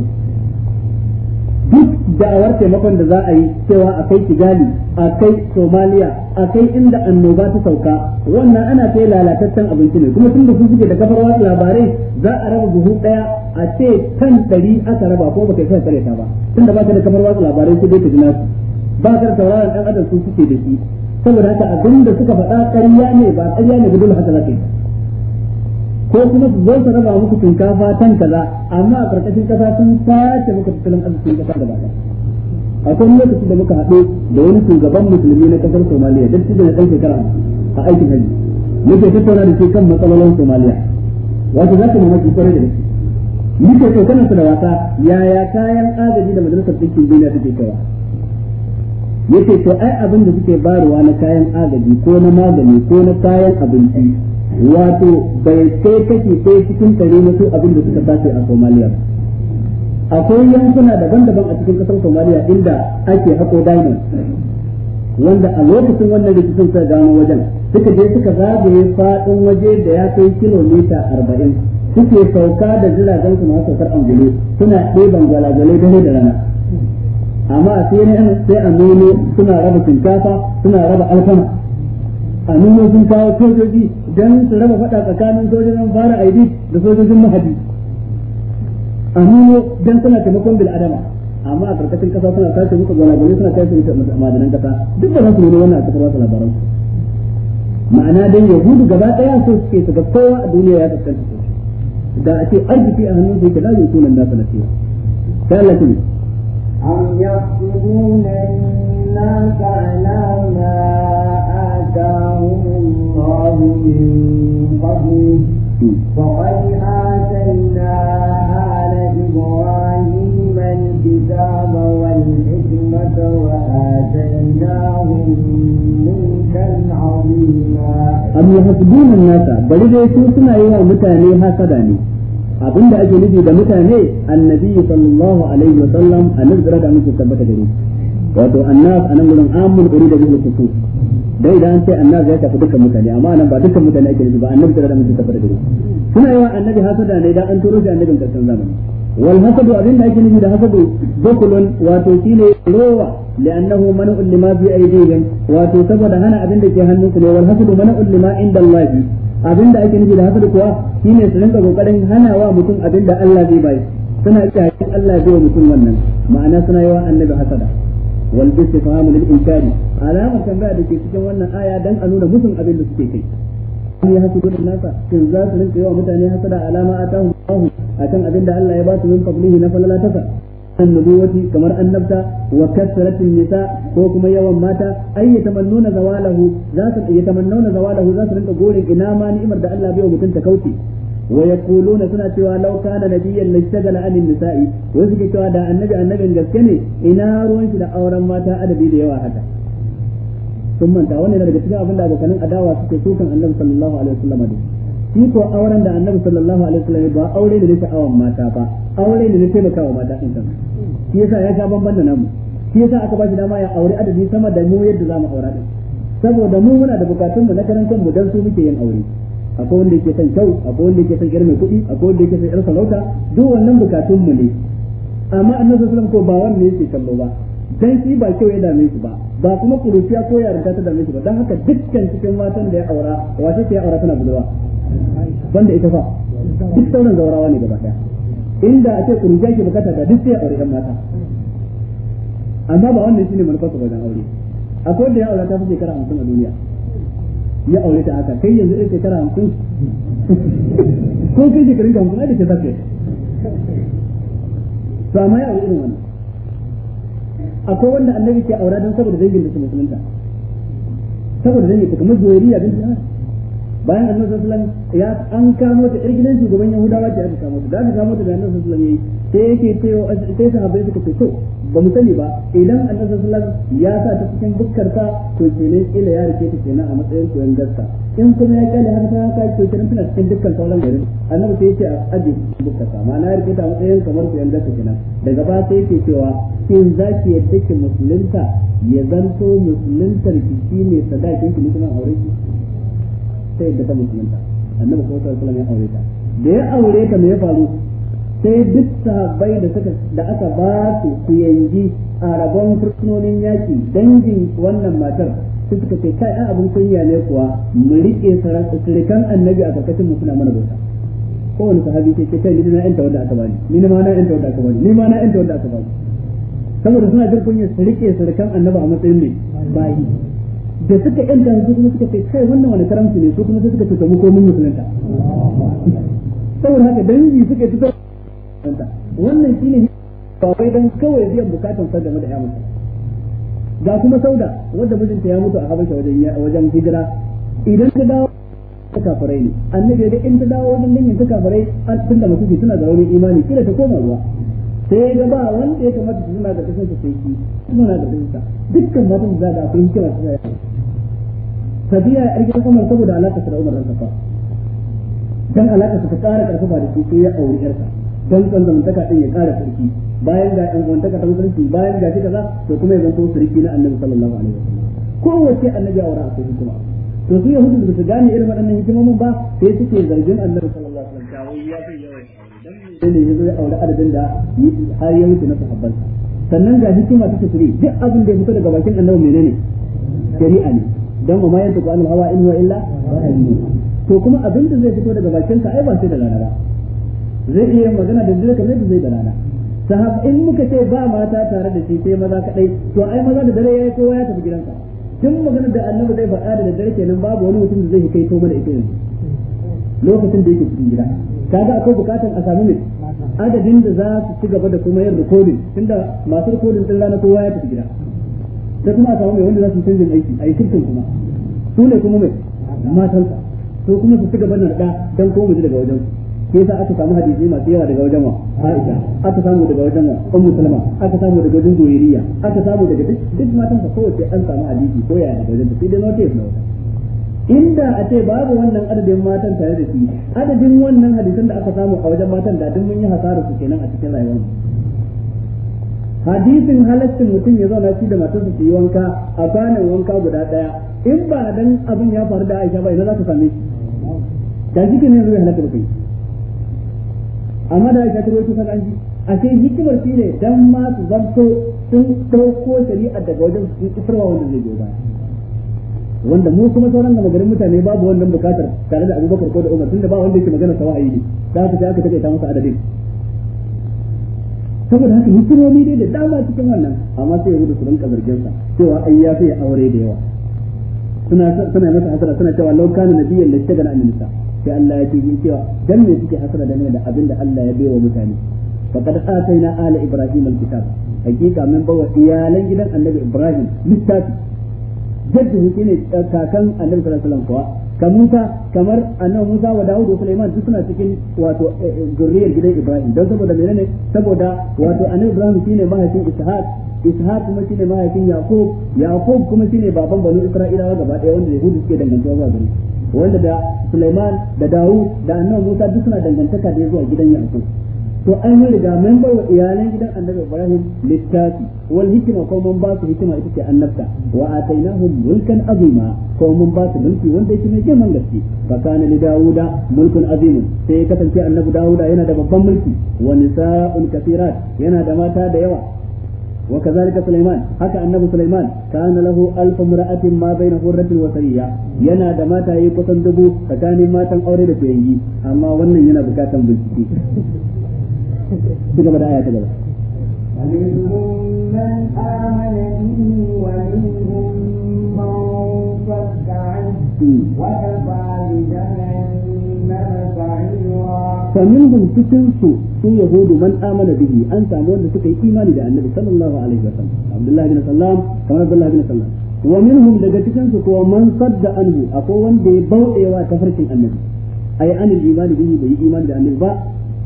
duk da'awar taimakon da za a yi cewa akai Kigali akai Somaliya akai inda annoba ta sauka wannan ana kai lalataccen abinci ne kuma tunda su suke da kafar wasu labarai za a raba buhu daya a ce kan dari aka raba ko baka kai ta ba tunda ba ka da kafar wasu labarai sai dai ka jina su ba ka sauraron dan adam su suke da shi saboda haka abin da suka faɗa ƙarya ne ba ƙarya ne ga dole haka za ka yi ko kuma su zai raba muku shinkafa tan kaza amma a karkashin kasa sun sace muku tattalin arzikin kasa gaba a kan lokacin da muka haɗu da wani shugaban musulmi na kasar somaliya don cikin ɗan shekara a aikin hajji muke tattauna da shi kan matsalolin somaliya wato za ka mamaki kwarai da gaske muke kana su da wasa yaya kayan agaji da majalisar ɗinkin duniya suke kawa yake to ai abin da suke barowa na kayan agaji ko na magani ko na kayan abinci wato bai kai kake ɗaya cikin ɗari na su abin da suka sace a Somalia. akwai yankuna daban-daban a cikin ƙasar Somalia inda ake haƙo diamond wanda a lokacin wannan rikicin sai gano wajen suka je suka zagaye faɗin waje da ya kai kilomita arba'in suke sauka da jiragen su masu saukar angulu suna ɗeban gwalagwalai dare da rana amma a CNN sai a nuno suna raba shinkafa suna raba alfama. a nuno sun kawo sojoji dan su raba faɗa tsakanin sojojin fara aidi da sojojin mahadi a nuno dan suna taimakon bil adama amma a karkashin kasa suna tashi muka gwalagwale suna tashi muka madanan kasa duk ba za su nuna wannan a cikin wasu labaran ma'ana dai yahudu gaba daya su suke su ga kowa a duniya ya fuskanta su da a ce arziki a hannun su yake la yusunan da sanatiya sai Allah ya Na yahasbun nasa bari zai su suna yi wa mutane hasada ne abinda ake nufi da mutane annabi sallallahu alaihi wasallam a nan da muke tabbata da shi wato annas anan gurin amun uri da bihi kusu dai idan sai annas ya tafi dukkan mutane amma anan ba dukkan mutane ake nufi ba annabi da mutum tafi da gari suna yawa annabi hasada ne idan an turo shi annabin karshen zamani wal hasadu abin da ake nufi da hasadu bukulun wato shine rowa li'annahu man'un lima fi aydihim wato saboda hana abin da ke su ne wal hasadu man'un lima inda Allah abin da ake nufi da hasadu kuwa shine su rinka kokarin hana wa mutum abin da Allah zai bai suna riƙe hakin Allah zai mutum wannan ma'ana suna yawa annabi hasada wal istifham lil inkari alamar tambaya da ke cikin wannan aya dan a nuna musun abin da suke kai ne hasu gudun nasa shin za su rinka yawa mutane da alama atahu Allah akan abin da Allah ya ba su min fadlihi na falalata annubuwati kamar annabta wa kasratin nisa ko kuma yawan mata ay yatamannuna zawalahu za su zawalahu za su rinka gore ina ma ni'imar da Allah bai wa mutum ta kauce ويقولون سنة suna cewa كان نبيا nabiyyan عن النساء nisa'i wai دا cewa da annabi annabin gaske ne ina ruwan shi da auren mata adadi da yawa haka sun manta wannan daga cikin abin da abokanin adawa suke sukan annabi da auren da annabi sallallahu alaihi wasallam ba aure ne na sha'awan mata ba aure ne na taimakawa mata din kan shi yasa ya ga banban da namu shi yasa aka ba shi dama ya aure adadi sama da mu yadda zamu aura da, saboda mu muna da bukatun mu na karan kanmu dan su muke yin aure akwai wanda yake son kyau akwai wanda yake son yar mai kuɗi akwai wanda yake son yar salauta duk wannan bukatun mu ne amma annabi sallallahu alaihi wasallam ko ba wannan yake kallo ba dan shi ba kyau ya dame shi ba ba kuma kurufiya ko yarinta ta dame shi ba dan haka dukkan cikin matan da ya aura wace ce ya aura tana budurwa banda ita fa duk sauran zaurawa ne gaba daya inda a ce kurufiya ke bukata da duk sai ya aure dan mata amma ba wannan shine manufar sa dan aure akwai da ya aura ta fi shekara hamsin a duniya ya aure ta haka kai yanzu ɗin shekara hamsin ko kai shekarun ka hamsin da ke zafi to amma ya aure irin wannan akwai wanda annabi ke aura don saboda dangin da su musulunta saboda dangin ta kamar zuwariya bin jihar bayan annabi sallallahu alaihi ya an kamo ta irgilan shugaban yahudawa ce aka kamo ta da aka kamo ta da annabi sallallahu alaihi sai yake cewa sai sahabbai suka ce to ba mu sani ba idan annabi sallallahu alaihi ya sa ta cikin ta to kenan ila ya rike ta kenan a matsayin koyon gaska in kuma ya kalle har ta ce to kenan tana cikin dukkan sauran garin annabi sai yake a aje ta ma'ana ya rike ta a matsayin kamar koyon gaska kenan daga ba sai yake cewa in za ki yadda ki musulunta ya zanto musuluntar ki shine sadakin ki mutumin aure ki sai da ta musulunta annabi ko sai alaihi ya aure ta da ya aure ta me ya faru sai duk sahabbai da suka da aka ba su ku yanji a rabon fursunonin yaki dangin wannan matar sai suka ce kai an abin kunya ne kuwa mu rike sarakan annabi a karkashin mu suna mana bauta kowane sahabi sai ce kai ni na yanta wanda aka bani ni ma na yanta wanda aka bani ni ma na yanta wanda aka bani saboda suna jin kunya su rike sarakan annabi a matsayin ne bayi da suka yanta su kuma suka ce kai wannan wani karamci ne su kuma su suka ce samu komin musulunta saboda haka yi suka ci musulunta wannan shine ba wai dan kawai biyan bukatun sa game da ya mutu ga kuma sauda wanda mijinta ya mutu a habasha wajen wajen hijira idan ta dawo ta kafirai ne annabi da in ta dawo wajen dangin ta kafirai an tunda da mutu suna da wani imani kila ta koma ruwa sai ga ba wanda ya kamata suna da kashin sai ki suna da kashin dukkan matan da za da akwai hikima su safiya ya ƙarfi Umar saboda alaƙa da Umar ɗan kafa dan alaƙa ta ƙara karfafa da shi sai ya auri yarsa dan kan zamantaka din ya ƙara sarki bayan ga ɗan zamantaka ta musulunci bayan ga shi kaza to kuma ya zanto sarki na Annabi sallallahu alaihi wasallam kowace annabi a wurin kuma hikima to su yahudu da su gane irin waɗannan hikimomin ba sai suke zargin Annabi sallallahu alaihi wasallam ya bai yawa dan ne zai ya aure adadin da har ya wuce na sahabbansa sannan ga hikima ta tafi duk abin da ya fito daga bakin Annabi menene shari'a ne dan ma yanta ku annal hawa in huwa illa to kuma abin da zai fito daga bakin sa ai ba sai da rana ba zai iya magana da dare kamar zai da rana sahab in muka ce ba mata tare da shi sai maza kadai to ai maza da dare yayi kowa ya tafi gidansa tun maganar da annabi zai faɗa da dare kenan babu wani mutum da zai kai to mana ita yanzu lokacin da yake cikin gida kaga akwai bukatan a samu ne adadin da za su ci gaba da kuma yin recording tunda masu recording din rana kowa ya tafi gida sai kuma a samu mai wanda za su canjin aiki a yi kirkin kuma su ne kuma mai matansa su kuma su ci gaba na da dan ko mu daga wajen ke sa aka samu hadisi masu yawa daga wajen wa Aisha aka samu daga wajen wa Ummu Salama aka samu daga wajen Zuwairiya aka samu daga duk matan matansa kowace an samu hadisi ko yaya daga wajen sai dai ma ke nawa inda a ce babu wannan adadin matan tare da shi adadin wannan hadisan da aka samu a wajen matan da duk mun yi hasara su kenan a cikin rayuwar hadisin halaccin mutum ya zauna shi da matar su yi wanka a kwanan wanka guda daya in ba dan abin ya faru da Aisha ba ina za ka same shi da shi ne zai halaccin mutum amma da Aisha ta rawaito kan anji a sai hikimar shi ne dan ma su zanto sun dauko shari'a daga wajen su isarwa wanda zai biyo wanda mu kuma sauran gama garin mutane babu wannan bukatar tare da Abubakar ko da Umar tunda ba wanda yake magana sawa'i ne da haka sai aka take ta musu adadin saboda haka hikimomi dai da dama cikin wannan amma sai ya da su rinka zargin sa cewa ai ya fi aure da yawa suna suna masa hasara suna cewa law kana nabiyyan la shagala an sai Allah ya ce cewa dan me suke hasara da da abin da Allah ya wa mutane faqad ataina ala ibrahim alkitab hakika mun bawa iyalan gidan annabi ibrahim littafi jaddu shine eh, kakan annabi sallallahu alaihi wasallam kuwa ka Musa kamar annabi Musa wa Dawud da Sulaiman duk suna cikin wato eh, eh, zuriyar gidan Ibrahim don saboda menene saboda wato annabi Ibrahim shine mahaifin Ishaq Ishaq kuma ne mahaifin Yaqub Yaqub kuma ne baban Bani Isra'ilawa gaba ɗaya wanda Yahudu suke dangantawa zuwa gare wanda da Sulaiman da Dawud da annabi Musa duk suna dangantaka da zuwa gidan Yaqub to an yi riga mun bai iyalan gidan annabi Ibrahim littafi wal hikima ko mun ba su hikima ita ce annabta wa atainahum mulkan azima ko mun ba su mulki wanda yake mai girman gaske fa kana li dawuda mulkun azim sai ya kasance annabi dawuda yana da babban mulki wa nisa'un kathirat yana da mata da yawa وكذلك سليمان حكى أنه سليمان كان له ألف امرأة ما بين حرة وسرية ينا دماتا dubu دبو فكان aure da لكينجي أما ونن ينا بكاتا بالسكي ci gaba da aya ta gaba ومنهم من من man amana bihi an samu wanda suka yi imani da annabi sallallahu alaihi wasallam abdullahi bin sallam kamar abdullahi bin sallam wa minhum daga cikin su kuwa man sadda anhu akwai wanda ya bauɗewa ta annabi bai imani da annabi ba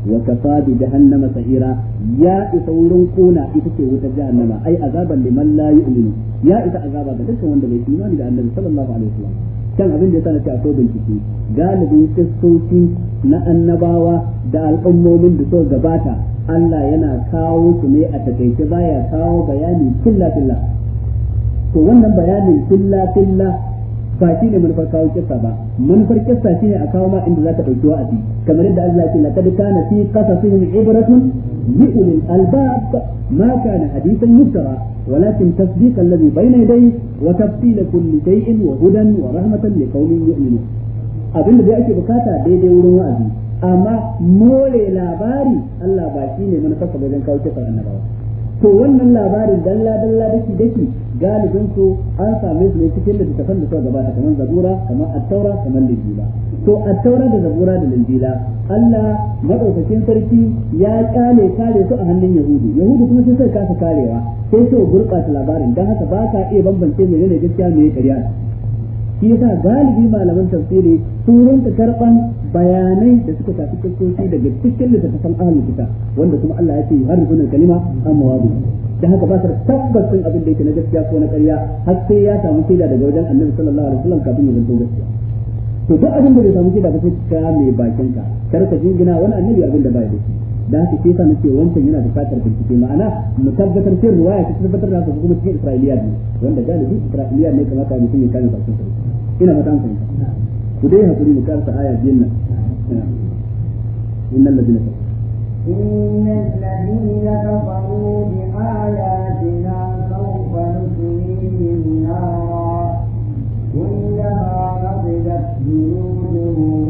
wa kafa bi jahannama sa'ira ya isa wurin kona ita ce wutar jahannama ai azaban liman la yu'minu ya isa azaba ga dukkan wanda bai imani da annabi sallallahu alaihi wasallam kan abin da yasa nake akwai bincike galibin kistoci na annabawa da al'ummomin da suka gabata Allah yana kawo su ne a takaice baya kawo wannan bayanin filla filla ba shi ne manufar kawo kissa ba manufar kissa shine a kawo ma inda zata dauki wa'azi kamar yadda Allah ya ce laqad kana fi qasasihim ibratun li ulil albab ma kana hadithan yuftara ولكن تصديق الذي بين يديه وتفصيل كل شيء وهدى ورحمة لقوم يؤمنون abinda da ake bukata daidai wurin wa'azi amma more labari Allah ba shi ne manufarsa wajen kawo na annabawa to wannan labarin dalla dalla daki daki galibin su an same su ne cikin littattafan da suka gabata kamar zabura kamar attaura kamar linjila to attaura da zabura da linjila Allah madaukakin sarki ya kale kare su a hannun yahudu yahudu kuma sai suka kasa karewa sai su gurbata labarin dan haka ba ka iya bambance menene gaskiya me ƙarya shi yasa galibi malaman tafsiri sun rinka karban bayanai da suka tafi kakkoci daga cikin littattafan ahalin kitab wanda kuma Allah ya ce yuharrifuna kalima amma wadu da haka ba su da tabbacin abin da yake na gaskiya ko na karya har sai ya samu shaida daga wajen Annabi sallallahu alaihi wasallam kafin ya zanto gaskiya to duk abin da bai samu shaida ba sai ka mai bakinka kar ka jingina wani annabi abin da ba ya dace. da haka shi yasa nake wancan yana bukatar bincike ma'ana mu tabbatar cewa riwaya ta tabbatar da kuma cikin Isra'iliya ne wanda galibi Isra'iliya ne kamata mutum ya kare sarkin sa ina mata hankali ku dai hakuri mu karanta aya biyan nan innal ladina إن الذين كفروا بآياتنا سوف نسليهم نارا كلما نضجت جلودهم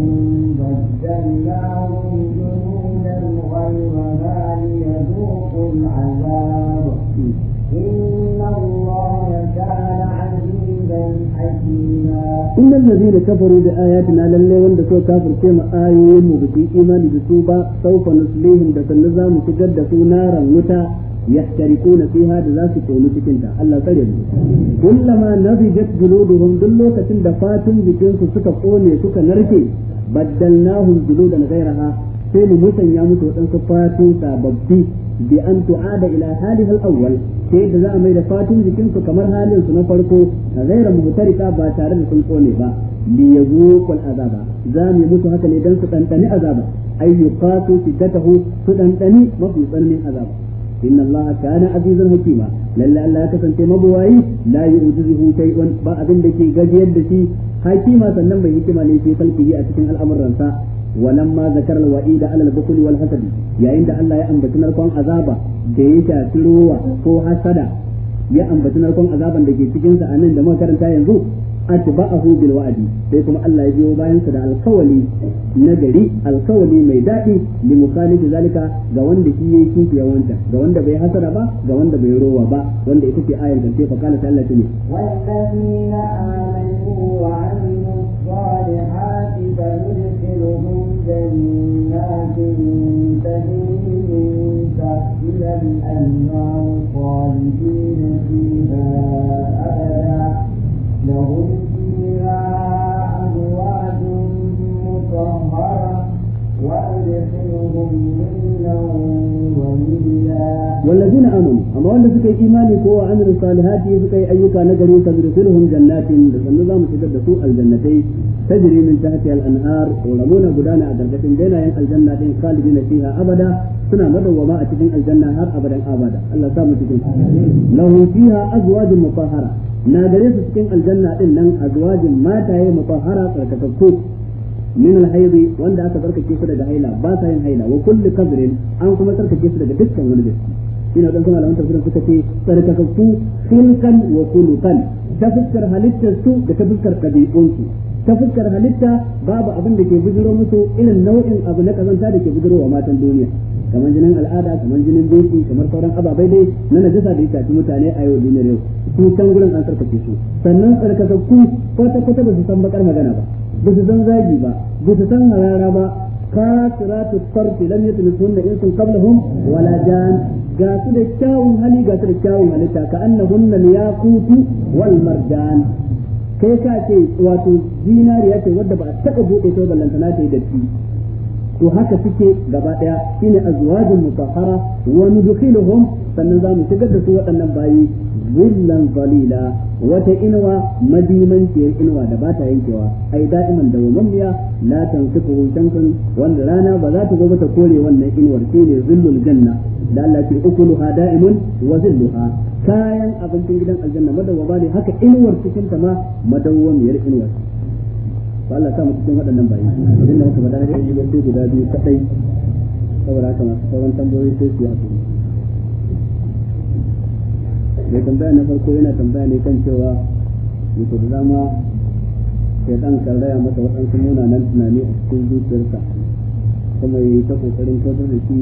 بدلناهم العذاب إن الله كان عزيزا حكيما إن الذين كفروا بآياتنا للي وند سو كافر كما آيين مبتي إيمان بسوبا سوف نسليهم دسنزا متجدسوا نارا متى يحترقون فيها ذات كونوا تكنتا الله سلم كلما نضجت جلودهم دلو كتن دفاتهم بجنس سكا قوني سكا نركي بدلناهم جلودا غيرها sai mu ya mutu waɗansu fatu sababbi bi an tu'ada ila halihal awwal sai da za a mai da fatun jikinsu kamar halin su na farko a zaira mutarika ba tare da sun ba li yazuqul azaba za mu musu haka ne dan su dandani azaba ay yuqatu siddatahu su dandani mafi tsananin azaba inna allaha kana azizan hakima lallai allah kasance mabuwayi la yu'jizuhu shay'un ba abin da ke gajiyar da shi hakima sannan bai hikima ne fi kalfihi a cikin al'amuransa ولما ذكر الوعيد على البخل والحسد يا ان الله يا ان بتنر كون عذابا da ya shafi ruwa ko hasada ya ambaci narkon azaban da ke cikin sa anan da makaranta yanzu a ba a hujjil wa'adi sai kuma Allah ya biyo bayan sa da alkawali na gari alkawali mai daɗi da misali zalika ga wanda shi ya yi ya ga wanda bai hasada ba ga wanda bai rowa ba wanda ita ce ayar da ce fa kana sallah ta ne wa'adina amanu wa'adina وندخلهم جنات تجري من تحتها الأنهار خالدين فيها أبدا لهم فيها أزواج مطهرة والذين امنوا اما wanda suka yi imani ko wa amilu salihati suka yi ayyuka na gari tadrisulhum jannatin da sannu zamu shigar da su aljannatai tajri min tahtiha al-anhar ulamuna gudana a gargadin bainayen aljanna din khalidin fiha abada suna madawwama a cikin aljanna har abadan abada Allah sa mu cikin lahum fiha azwajun mutahhara na cikin aljanna din nan mataye mutahhara tsarkakakku min alhayd wanda aka tsarkake su daga haila ba yin haila wa kullu kabrin an kuma tsarkake su daga dukkan wani datti ina dan kuma lamunta gurin suka ce ku khilqan wa khuluqan ta fuskar halitta su da ta fuskar ɗabi'un su ta fuskar halitta babu abin da ke bujiro musu irin nau'in abu na kazanta da ke bujiro wa matan duniya kamar jinin al'ada kamar jinin doki kamar sauran ababai dai na najasa da ya mutane a yau duniyar yau su can gurin an tsarkake su sannan ku kwata kwata ba su san bakar magana ba ba su san zagi ba ba su san harara ba kasiratu farfi lam sun kabla qablahum wala jan ga su da kyawun hali ga su da kyawun halitta ka ya yaqutu wal marjan kai ka ce wato zinariya ce wadda ba a taɓa buɗe ta lantana ta yi datti to haka suke gaba daya shine azwajul mutahhara wa nudkhiluhum sannan zamu shigar da su waɗannan bayi zillan zalila wata inuwa madimanciyar inuwa da ba ta yankewa ai da'iman da wamammiya la tansifu shamsun wanda rana ba za ta zo ta kore wannan inuwar ne zillul janna da Allah ke ukuluha da'imun wa zilluha kayan abincin gidan aljanna madawwama ne haka inuwar cikin ta ma madawwamiyar inuwar ba Allah sa mu cikin waɗannan bayi idan da muka faɗa da yi guda biyu kadai saboda haka masu sauran tambayoyi sai su yi mai tambaya na farko yana tambaya ne kan cewa yake da dama shaitan kan raya mata waɗansu munanan tunani a cikin zuciyarsa kuma yi ta kokarin kautar da shi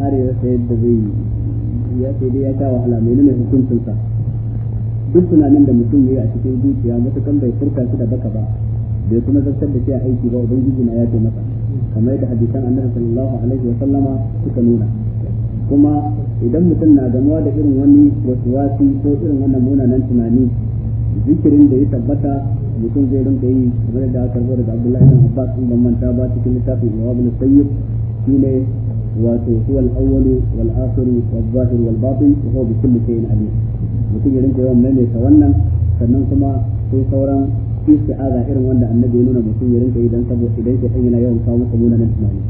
har ya rasa yadda zai yi ya sai dai ya ta wahala mai nuna hukuncinsa duk tunanin da mutum ya yi a cikin zuciya matukan bai furta shi da baka ba bai kuma zartar da shi a aiki ba ubangiji na ya ce masa kamar yadda hadisan annabi sallallahu alaihi wa sallama suka nuna kuma idan mutum na gamuwa da irin wani wasuwasi ko irin wannan munanan tunani zikirin da ya tabbata mutum zai rinka yi kamar da aka zo daga Abdullahi bin Abbas in ban manta ba cikin littafin Jawabul Sayyid shine wato huwa al-awwal wal akhir wal zahir wal batin wa huwa bi kulli shay'in alim mutum ya rinka yawan maimaita wannan sannan kuma sai sauran isti'aza irin wanda annabi ya nuna mutum ya rinka yi dan saboda idan shi yana yawan kawo muku munanan tunani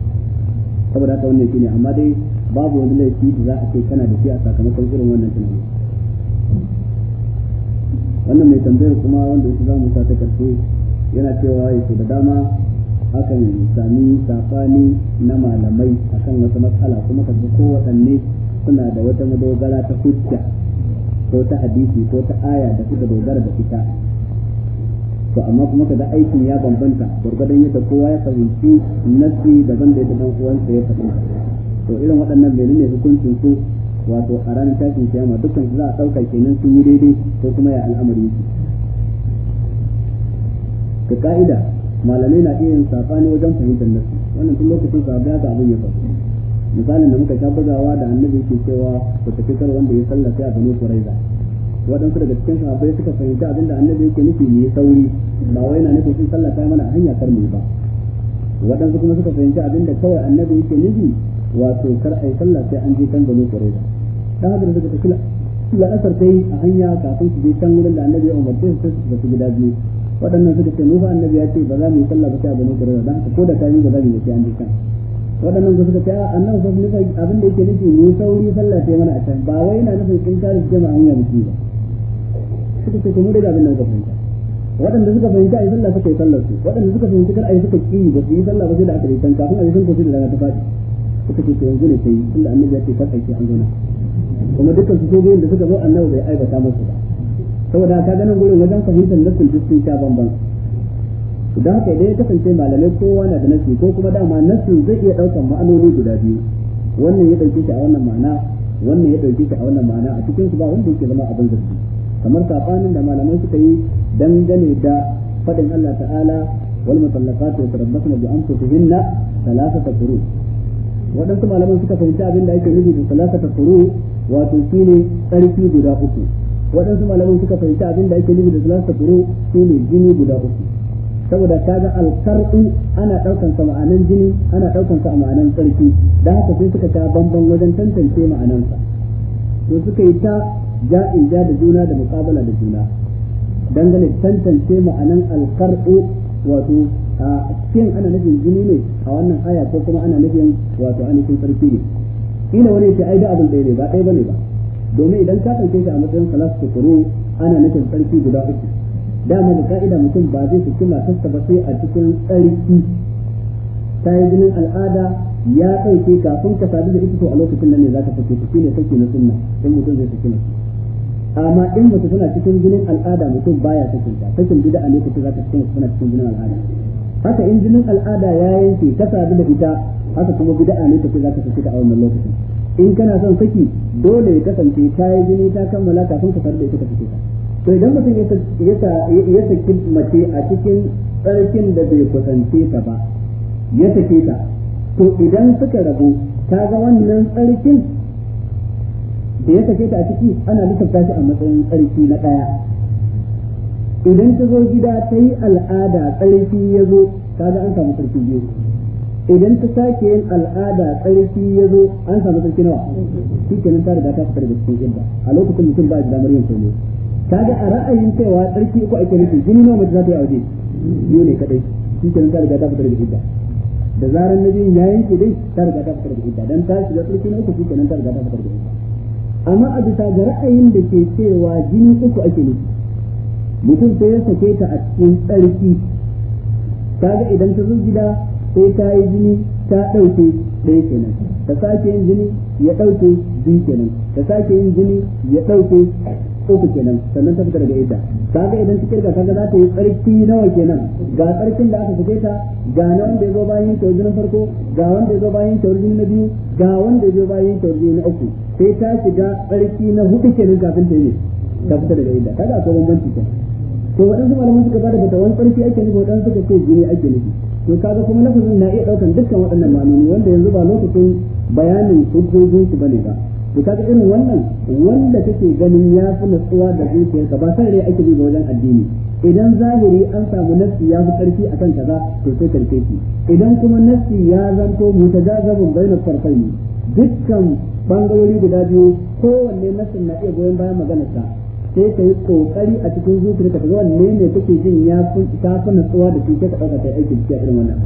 saboda haka wannan shine amma dai babu wani laifi da za a ce kana da shi a sakamakon irin wannan tunani wannan mai tambayar kuma wanda yake za mu sa ta karshe yana cewa ya ce da dama akan sami safani na malamai akan wata matsala kuma ka ga kowaɗanne suna da wata madogara ta hujja ko ta hadisi ko ta aya da suka dogara da ita to amma kuma kaga aikin ya bambanta gurgurdan yadda kowa ya fahimci nasi daban da yadda dan uwansa ya fahimta to irin waɗannan bai ne hukuncin su wato a ranar tashin kiyama dukkan su za a ɗauka kenan sun yi daidai ko kuma ya al'amari su ka ka'ida malamai na iya yin safani wajen fahimtar nasu wannan tun lokacin sa ga ga abin ya faru misalin da muka sha bugawa da annabi ke cewa ku tafi kar wanda ya sallace a bani quraiza waɗansu daga cikin sahabbai suka fahimci abin da annabi yake nufi ne sauri ba wai na nufin sun sallata mana hanya kar mu ba waɗansu kuma suka fahimci abin da kawai annabi yake nufi wato kar ai sallah sai an je da gano kore da dan haka daga tafi la'asar kai a hanya kafin su je can wurin da annabi ya umarce su da su gida biyu waɗannan suka ce mu fa annabi ya ce ba za mu yi sallah ba sai a gano kore da dan ko da ta yi ba za mu yi sai an je kan waɗannan suka ce a annabi fa nufa abin da yake nufi mu sauri sallah sai mana a can ba wai na nufin kin kare jama'a hanya mutum ba suka ce mu daga abin da muka fahimta waɗanda suka fahimci a yi sallah suka yi sallar su waɗanda suka fahimci kar a yi suka ƙi ba su yi sallah ba sai da aka yi can kafin a yi sun kofi da rana ta faɗi suka ce to yanzu ne sai tunda annabi ya ce kar aiki an na kuma dukkan su sojojin da suka zo annabi bai aibata musu ba saboda ka ganin gurin wajen fahimtar nassin duk sun sha bamban da haka idan ya kasance malamai kowa na da nassi ko kuma dama nassin zai iya ɗaukar ma'anoni guda biyu wannan ya ɗauke shi a wannan ma'ana wannan ya ɗauke shi a wannan ma'ana a cikin su ba wanda yake zama abin zargi kamar sabanin da malamai suka yi dangane da fadin Allah ta'ala wal wa tarabbatna bi anfusihinna thalathata qurun waɗansu malaman suka fahimci abin da ake nufi da salasata furu wato shine tsarki guda uku waɗansu malaman suka fahimci abin da ake nufi da salasata furu shine jini guda uku saboda kaga alkar'u ana ɗaukan sa ma'anan jini ana ɗaukan sa ma'anan tsarki da haka sai suka ta bambam wajen tantance ma'anansa to suka yi ta ja'in ja da juna da muƙabala da juna dangane tantance ma'anan alkar'u wato a cikin ana nufin jini ne a wannan aya ko kuma ana nufin wato ainihin sarki ne ina wani ce ai da abin da ne ba ɗaya bane ba domin idan ka ɗauke shi a matsayin salatu kuru ana nufin sarki guda uku dama da ka'ida mutum ba zai saki matarsa ba sai a cikin tsarki ta yi jinin al'ada ya ɗauke kafin ka sadu da ita to a lokacin nan ne za ka sake ta ne sake na sunna in mutum zai saki na sunna amma in mutum suna cikin jinin al'ada mutum baya sakin ta sakin bid'a ne kuta za ta cikin suna cikin jinin al'ada haka in jinin al'ada ya yanke ta sadu da ita haka kuma bid'a ne kuta za ta saki ta a wannan lokacin in kana son saki dole ya kasance ta yi jini ta kammala kafin ka sadu da ita ka saki ta to idan mutum ya saki mace a cikin tsarkin da bai kusance ta ba ya sake ta to idan suka rabu ta ga wannan tsarkin da ya sake ta a ciki ana lissafta shi a matsayin tsarki na ɗaya idan ta zo gida ta yi al'ada tsarki ya zo kaga an samu tsarki biyu idan ta sake yin al'ada tsarki ya zo an samu tsarki nawa shi kenan ta riga ta fitar da cikin idda a lokacin mutum ba da damar yin ta ga a ra'ayin cewa tsarki uku ake nufi jini nawa mace za ta yi a waje biyu ne kadai shi kenan ta riga ta fitar da idda da zarar na biyun ya yanke dai ta riga ta fitar da idda dan ta shiga tsarki na uku shi kenan ta riga ta fitar da idda amma a bisa ga ra'ayin da ke cewa jini uku ake nufi mutum sai ya sake ta a cikin tsarki ga idan ta zo gida sai ta yi jini ta ɗauke ɗaya kenan ta sake yin jini ya ɗauke biyu kenan ta sake yin jini ya ɗauke uku kenan sannan ta fita daga ita kaga idan ta kirga kaga za ta yi tsarki nawa kenan ga tsarkin da aka fice ta ga na wanda ya zo bayan ta wajen farko ga wanda ya zo bayan ta wajen na biyu ga wanda ya zo bayan ta wajen na uku sai ta shiga tsarki na hudu kenan kafin ta yi ta fita daga ita kaga akwai bambanci kenan to waɗansu malaman suka bada bata wani tsarki ake nufi waɗansu suka ce jini ake nufi to kaga kuma lafazin na iya ɗaukan dukkan waɗannan ma'anoni wanda yanzu ba lokacin bayanin ba bane ba to irin wannan wanda take ganin ya fi natsuwa da zuciyarka ba sai rai ake bi wajen addini idan zahiri an samu nafsi ya fi karfi akan kaza to sai karfe shi idan kuma nafsi ya zanto mutajazabun bainar ne. dukkan bangarori guda biyu kowanne nafsin na iya goyon bayan maganarsa sai ka yi kokari a cikin zuciyarka ka ga wanne ne kake jin ya fi ta fi natsuwa da shi ka dauka kai aikin cikin irin wannan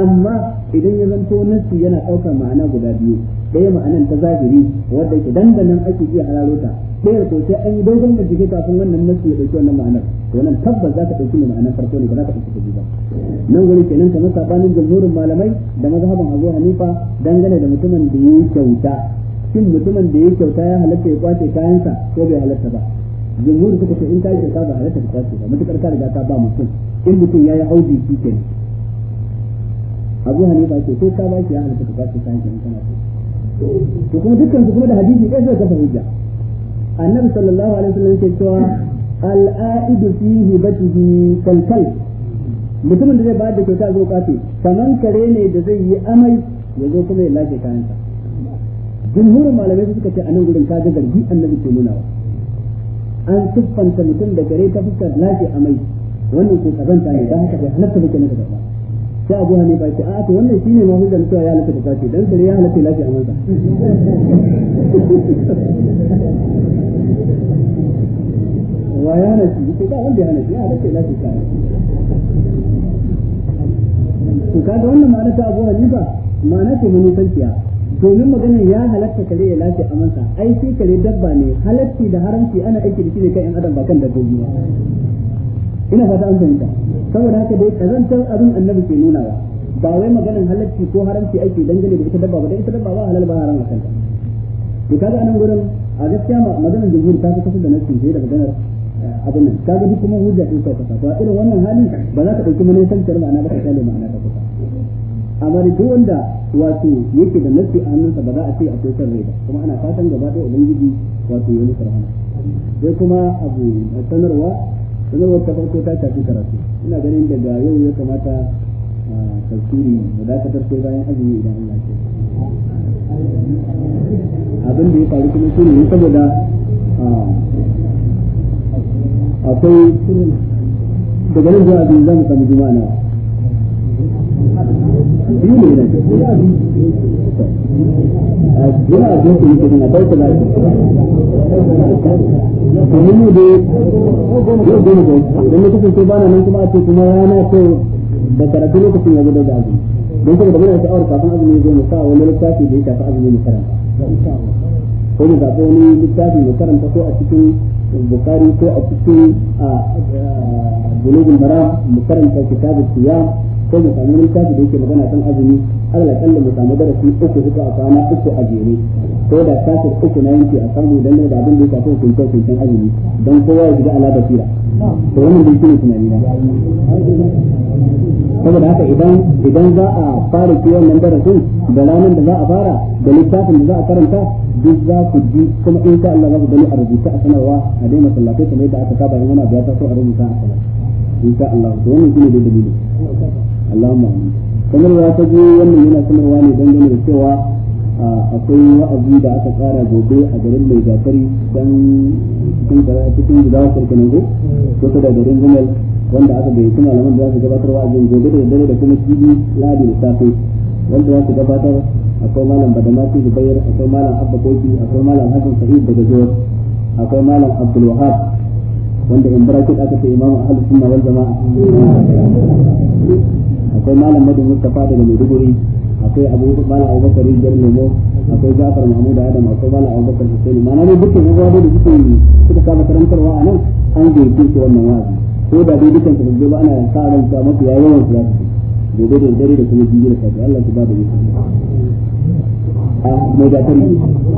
amma idan ya zanto nafsi yana ɗaukar ma'ana guda biyu ɗaya ma'anan ta zahiri wadda ke dandanan ake iya halalo ta ɗaya ko sai an yi dogon jike kafin wannan nasu ya ɗauki wannan ma'anar to nan tabbas za ka ɗauki mai ma'anar farko ne ba za ka ɗauki ta ba nan wani kenan kamar sabanin jamhurin malamai da mazhaban Abu Hanifa dangane da mutumin da ya kyauta shin mutumin da ya kyauta ya halatta ya kwace kayansa ko bai halatta ba jamhurin suka ce in ka kyauta ba halatta ka kwace ba matuƙar ka riga ka ba mutum in mutum ya yi auji shi kenan abu hanifa ce ko ka ba shi ya halatta ka kwace kayansa in kana so to kuma dukkan su kuma da hadisi ɗaya zai kafa hujja annabi sallallahu alaihi wasallam yake cewa al'aidu fihi batihi kalkal mutumin da zai bayar da kyauta zo kafi kaman kare ne da zai yi amai ya zo kuma ya lafiya kayansa jumhurin malamai su suka ce a nan gurin kaga zargi annabi ke wa an siffanta mutum da gare ta fuskar lafiya amai wannan ko kazanta ne don haka bai halatta ba da ka sai abu ne ba a wannan cewa ya halatta wa ya ya ya halatta lafiya to wannan ma'ana ta ba, ma'ana ce mun domin maganin ya halatta kare ya lafiya a ai sai kare dabba ne halatti da haramci ana aiki da shi ne kan yan adam ba kan dabbobi ba ina fata an fahimta saboda haka dai kazantar abin annabi ke nunawa ba wai maganin halarci ko haramci aiki dangane da ita dabba ba da ita dabba ba halal ba haram a kanta to kaga anan gurin a gaskiya maganar jumhur ta fi kasu da nasu sai da maganar eh, abin nan kaga duk kuma hujja ta sauka ta a irin wannan halin ba za ka dauki mana san karma ana ba ka kale ma'ana ta kusa amma duk wanda wato yake da nasu a hannunsa ba za a ce akwai san rai ba kuma ana fatan gaba ɗaya ubangiji wato ya nufa rahama sai kuma abu sanarwa sannan wata farko ta shafi karatu ina ganin daga yau ya kamata a tafsiri da ka sai bayan azumi idan Allah ke abin da ya faru kuma shi ne saboda akwai daga nan zuwa abin za mu samu juma'a nawa دين من الجهة جهة يمكن أن أبوك لا فهموا دي يؤذن دي لما تكون سبانا من كما أتي كما رانا سو بكرة كله كسين يجب أن أعزم دي كده بقول أنت أورك أفن أبني يجب أن أساء ولا لكاتي دي كافة أبني مكرم ko da zaɓo ne littafi mai karanta ko a cikin bukari ah, ko a ah, cikin bulugul mara mu karanta kitabul siyam ko mu samu tafi da yake magana kan azumi Allah kalla mu samu darasi uku uku a kwana uku a jere ko da tafi uku na yanki a samu dan da abin da ya shafi hukuncin hukuncin azumi don kowa ya ji ala basira to wannan dai shine tunani na saboda haka idan idan za a fara ki wannan darasin da ranar da za a fara da littafin da za a karanta duk za ku ji kuma in ka Allah za ku gani a rubuta a sanarwa a dai masallatai kamar yadda aka saba yana wani ta ko taso a rubuta a sanarwa in Allah to wannan shine dai Allahumma kamar sanarwa ta biyu wannan yana sanarwa ne dangane da cewa akwai wa'azi da aka tsara gobe a garin mai gatari dan cikin cikin gidawa sarkin ko ta da garin gumal wanda aka gayyaci malaman da za su gabatar wa'azin gobe da dare da kuma jibi ladi da safe wanda za su gabatar akwai malam badamati zubair akwai malam abba koki akwai malam hasan sa'id daga zuwa akwai malam abdul wahab wanda in bracket aka ce imamu ahlus sunna wal jama'a akwai malam madu mustafa daga maiduguri akwai abu bala abubakar jar nemo akwai jafar mahmud adam akwai bala abubakar husaini ma'ana ne dukkan yan wado da suke suka kama karantarwa a nan an gaice su wannan wa'azi ko da dai dukkan su ba ana sa ran cewa mafi yawan su za su gobe da dare da kuma jibi da safe Allah su ba da yi a mai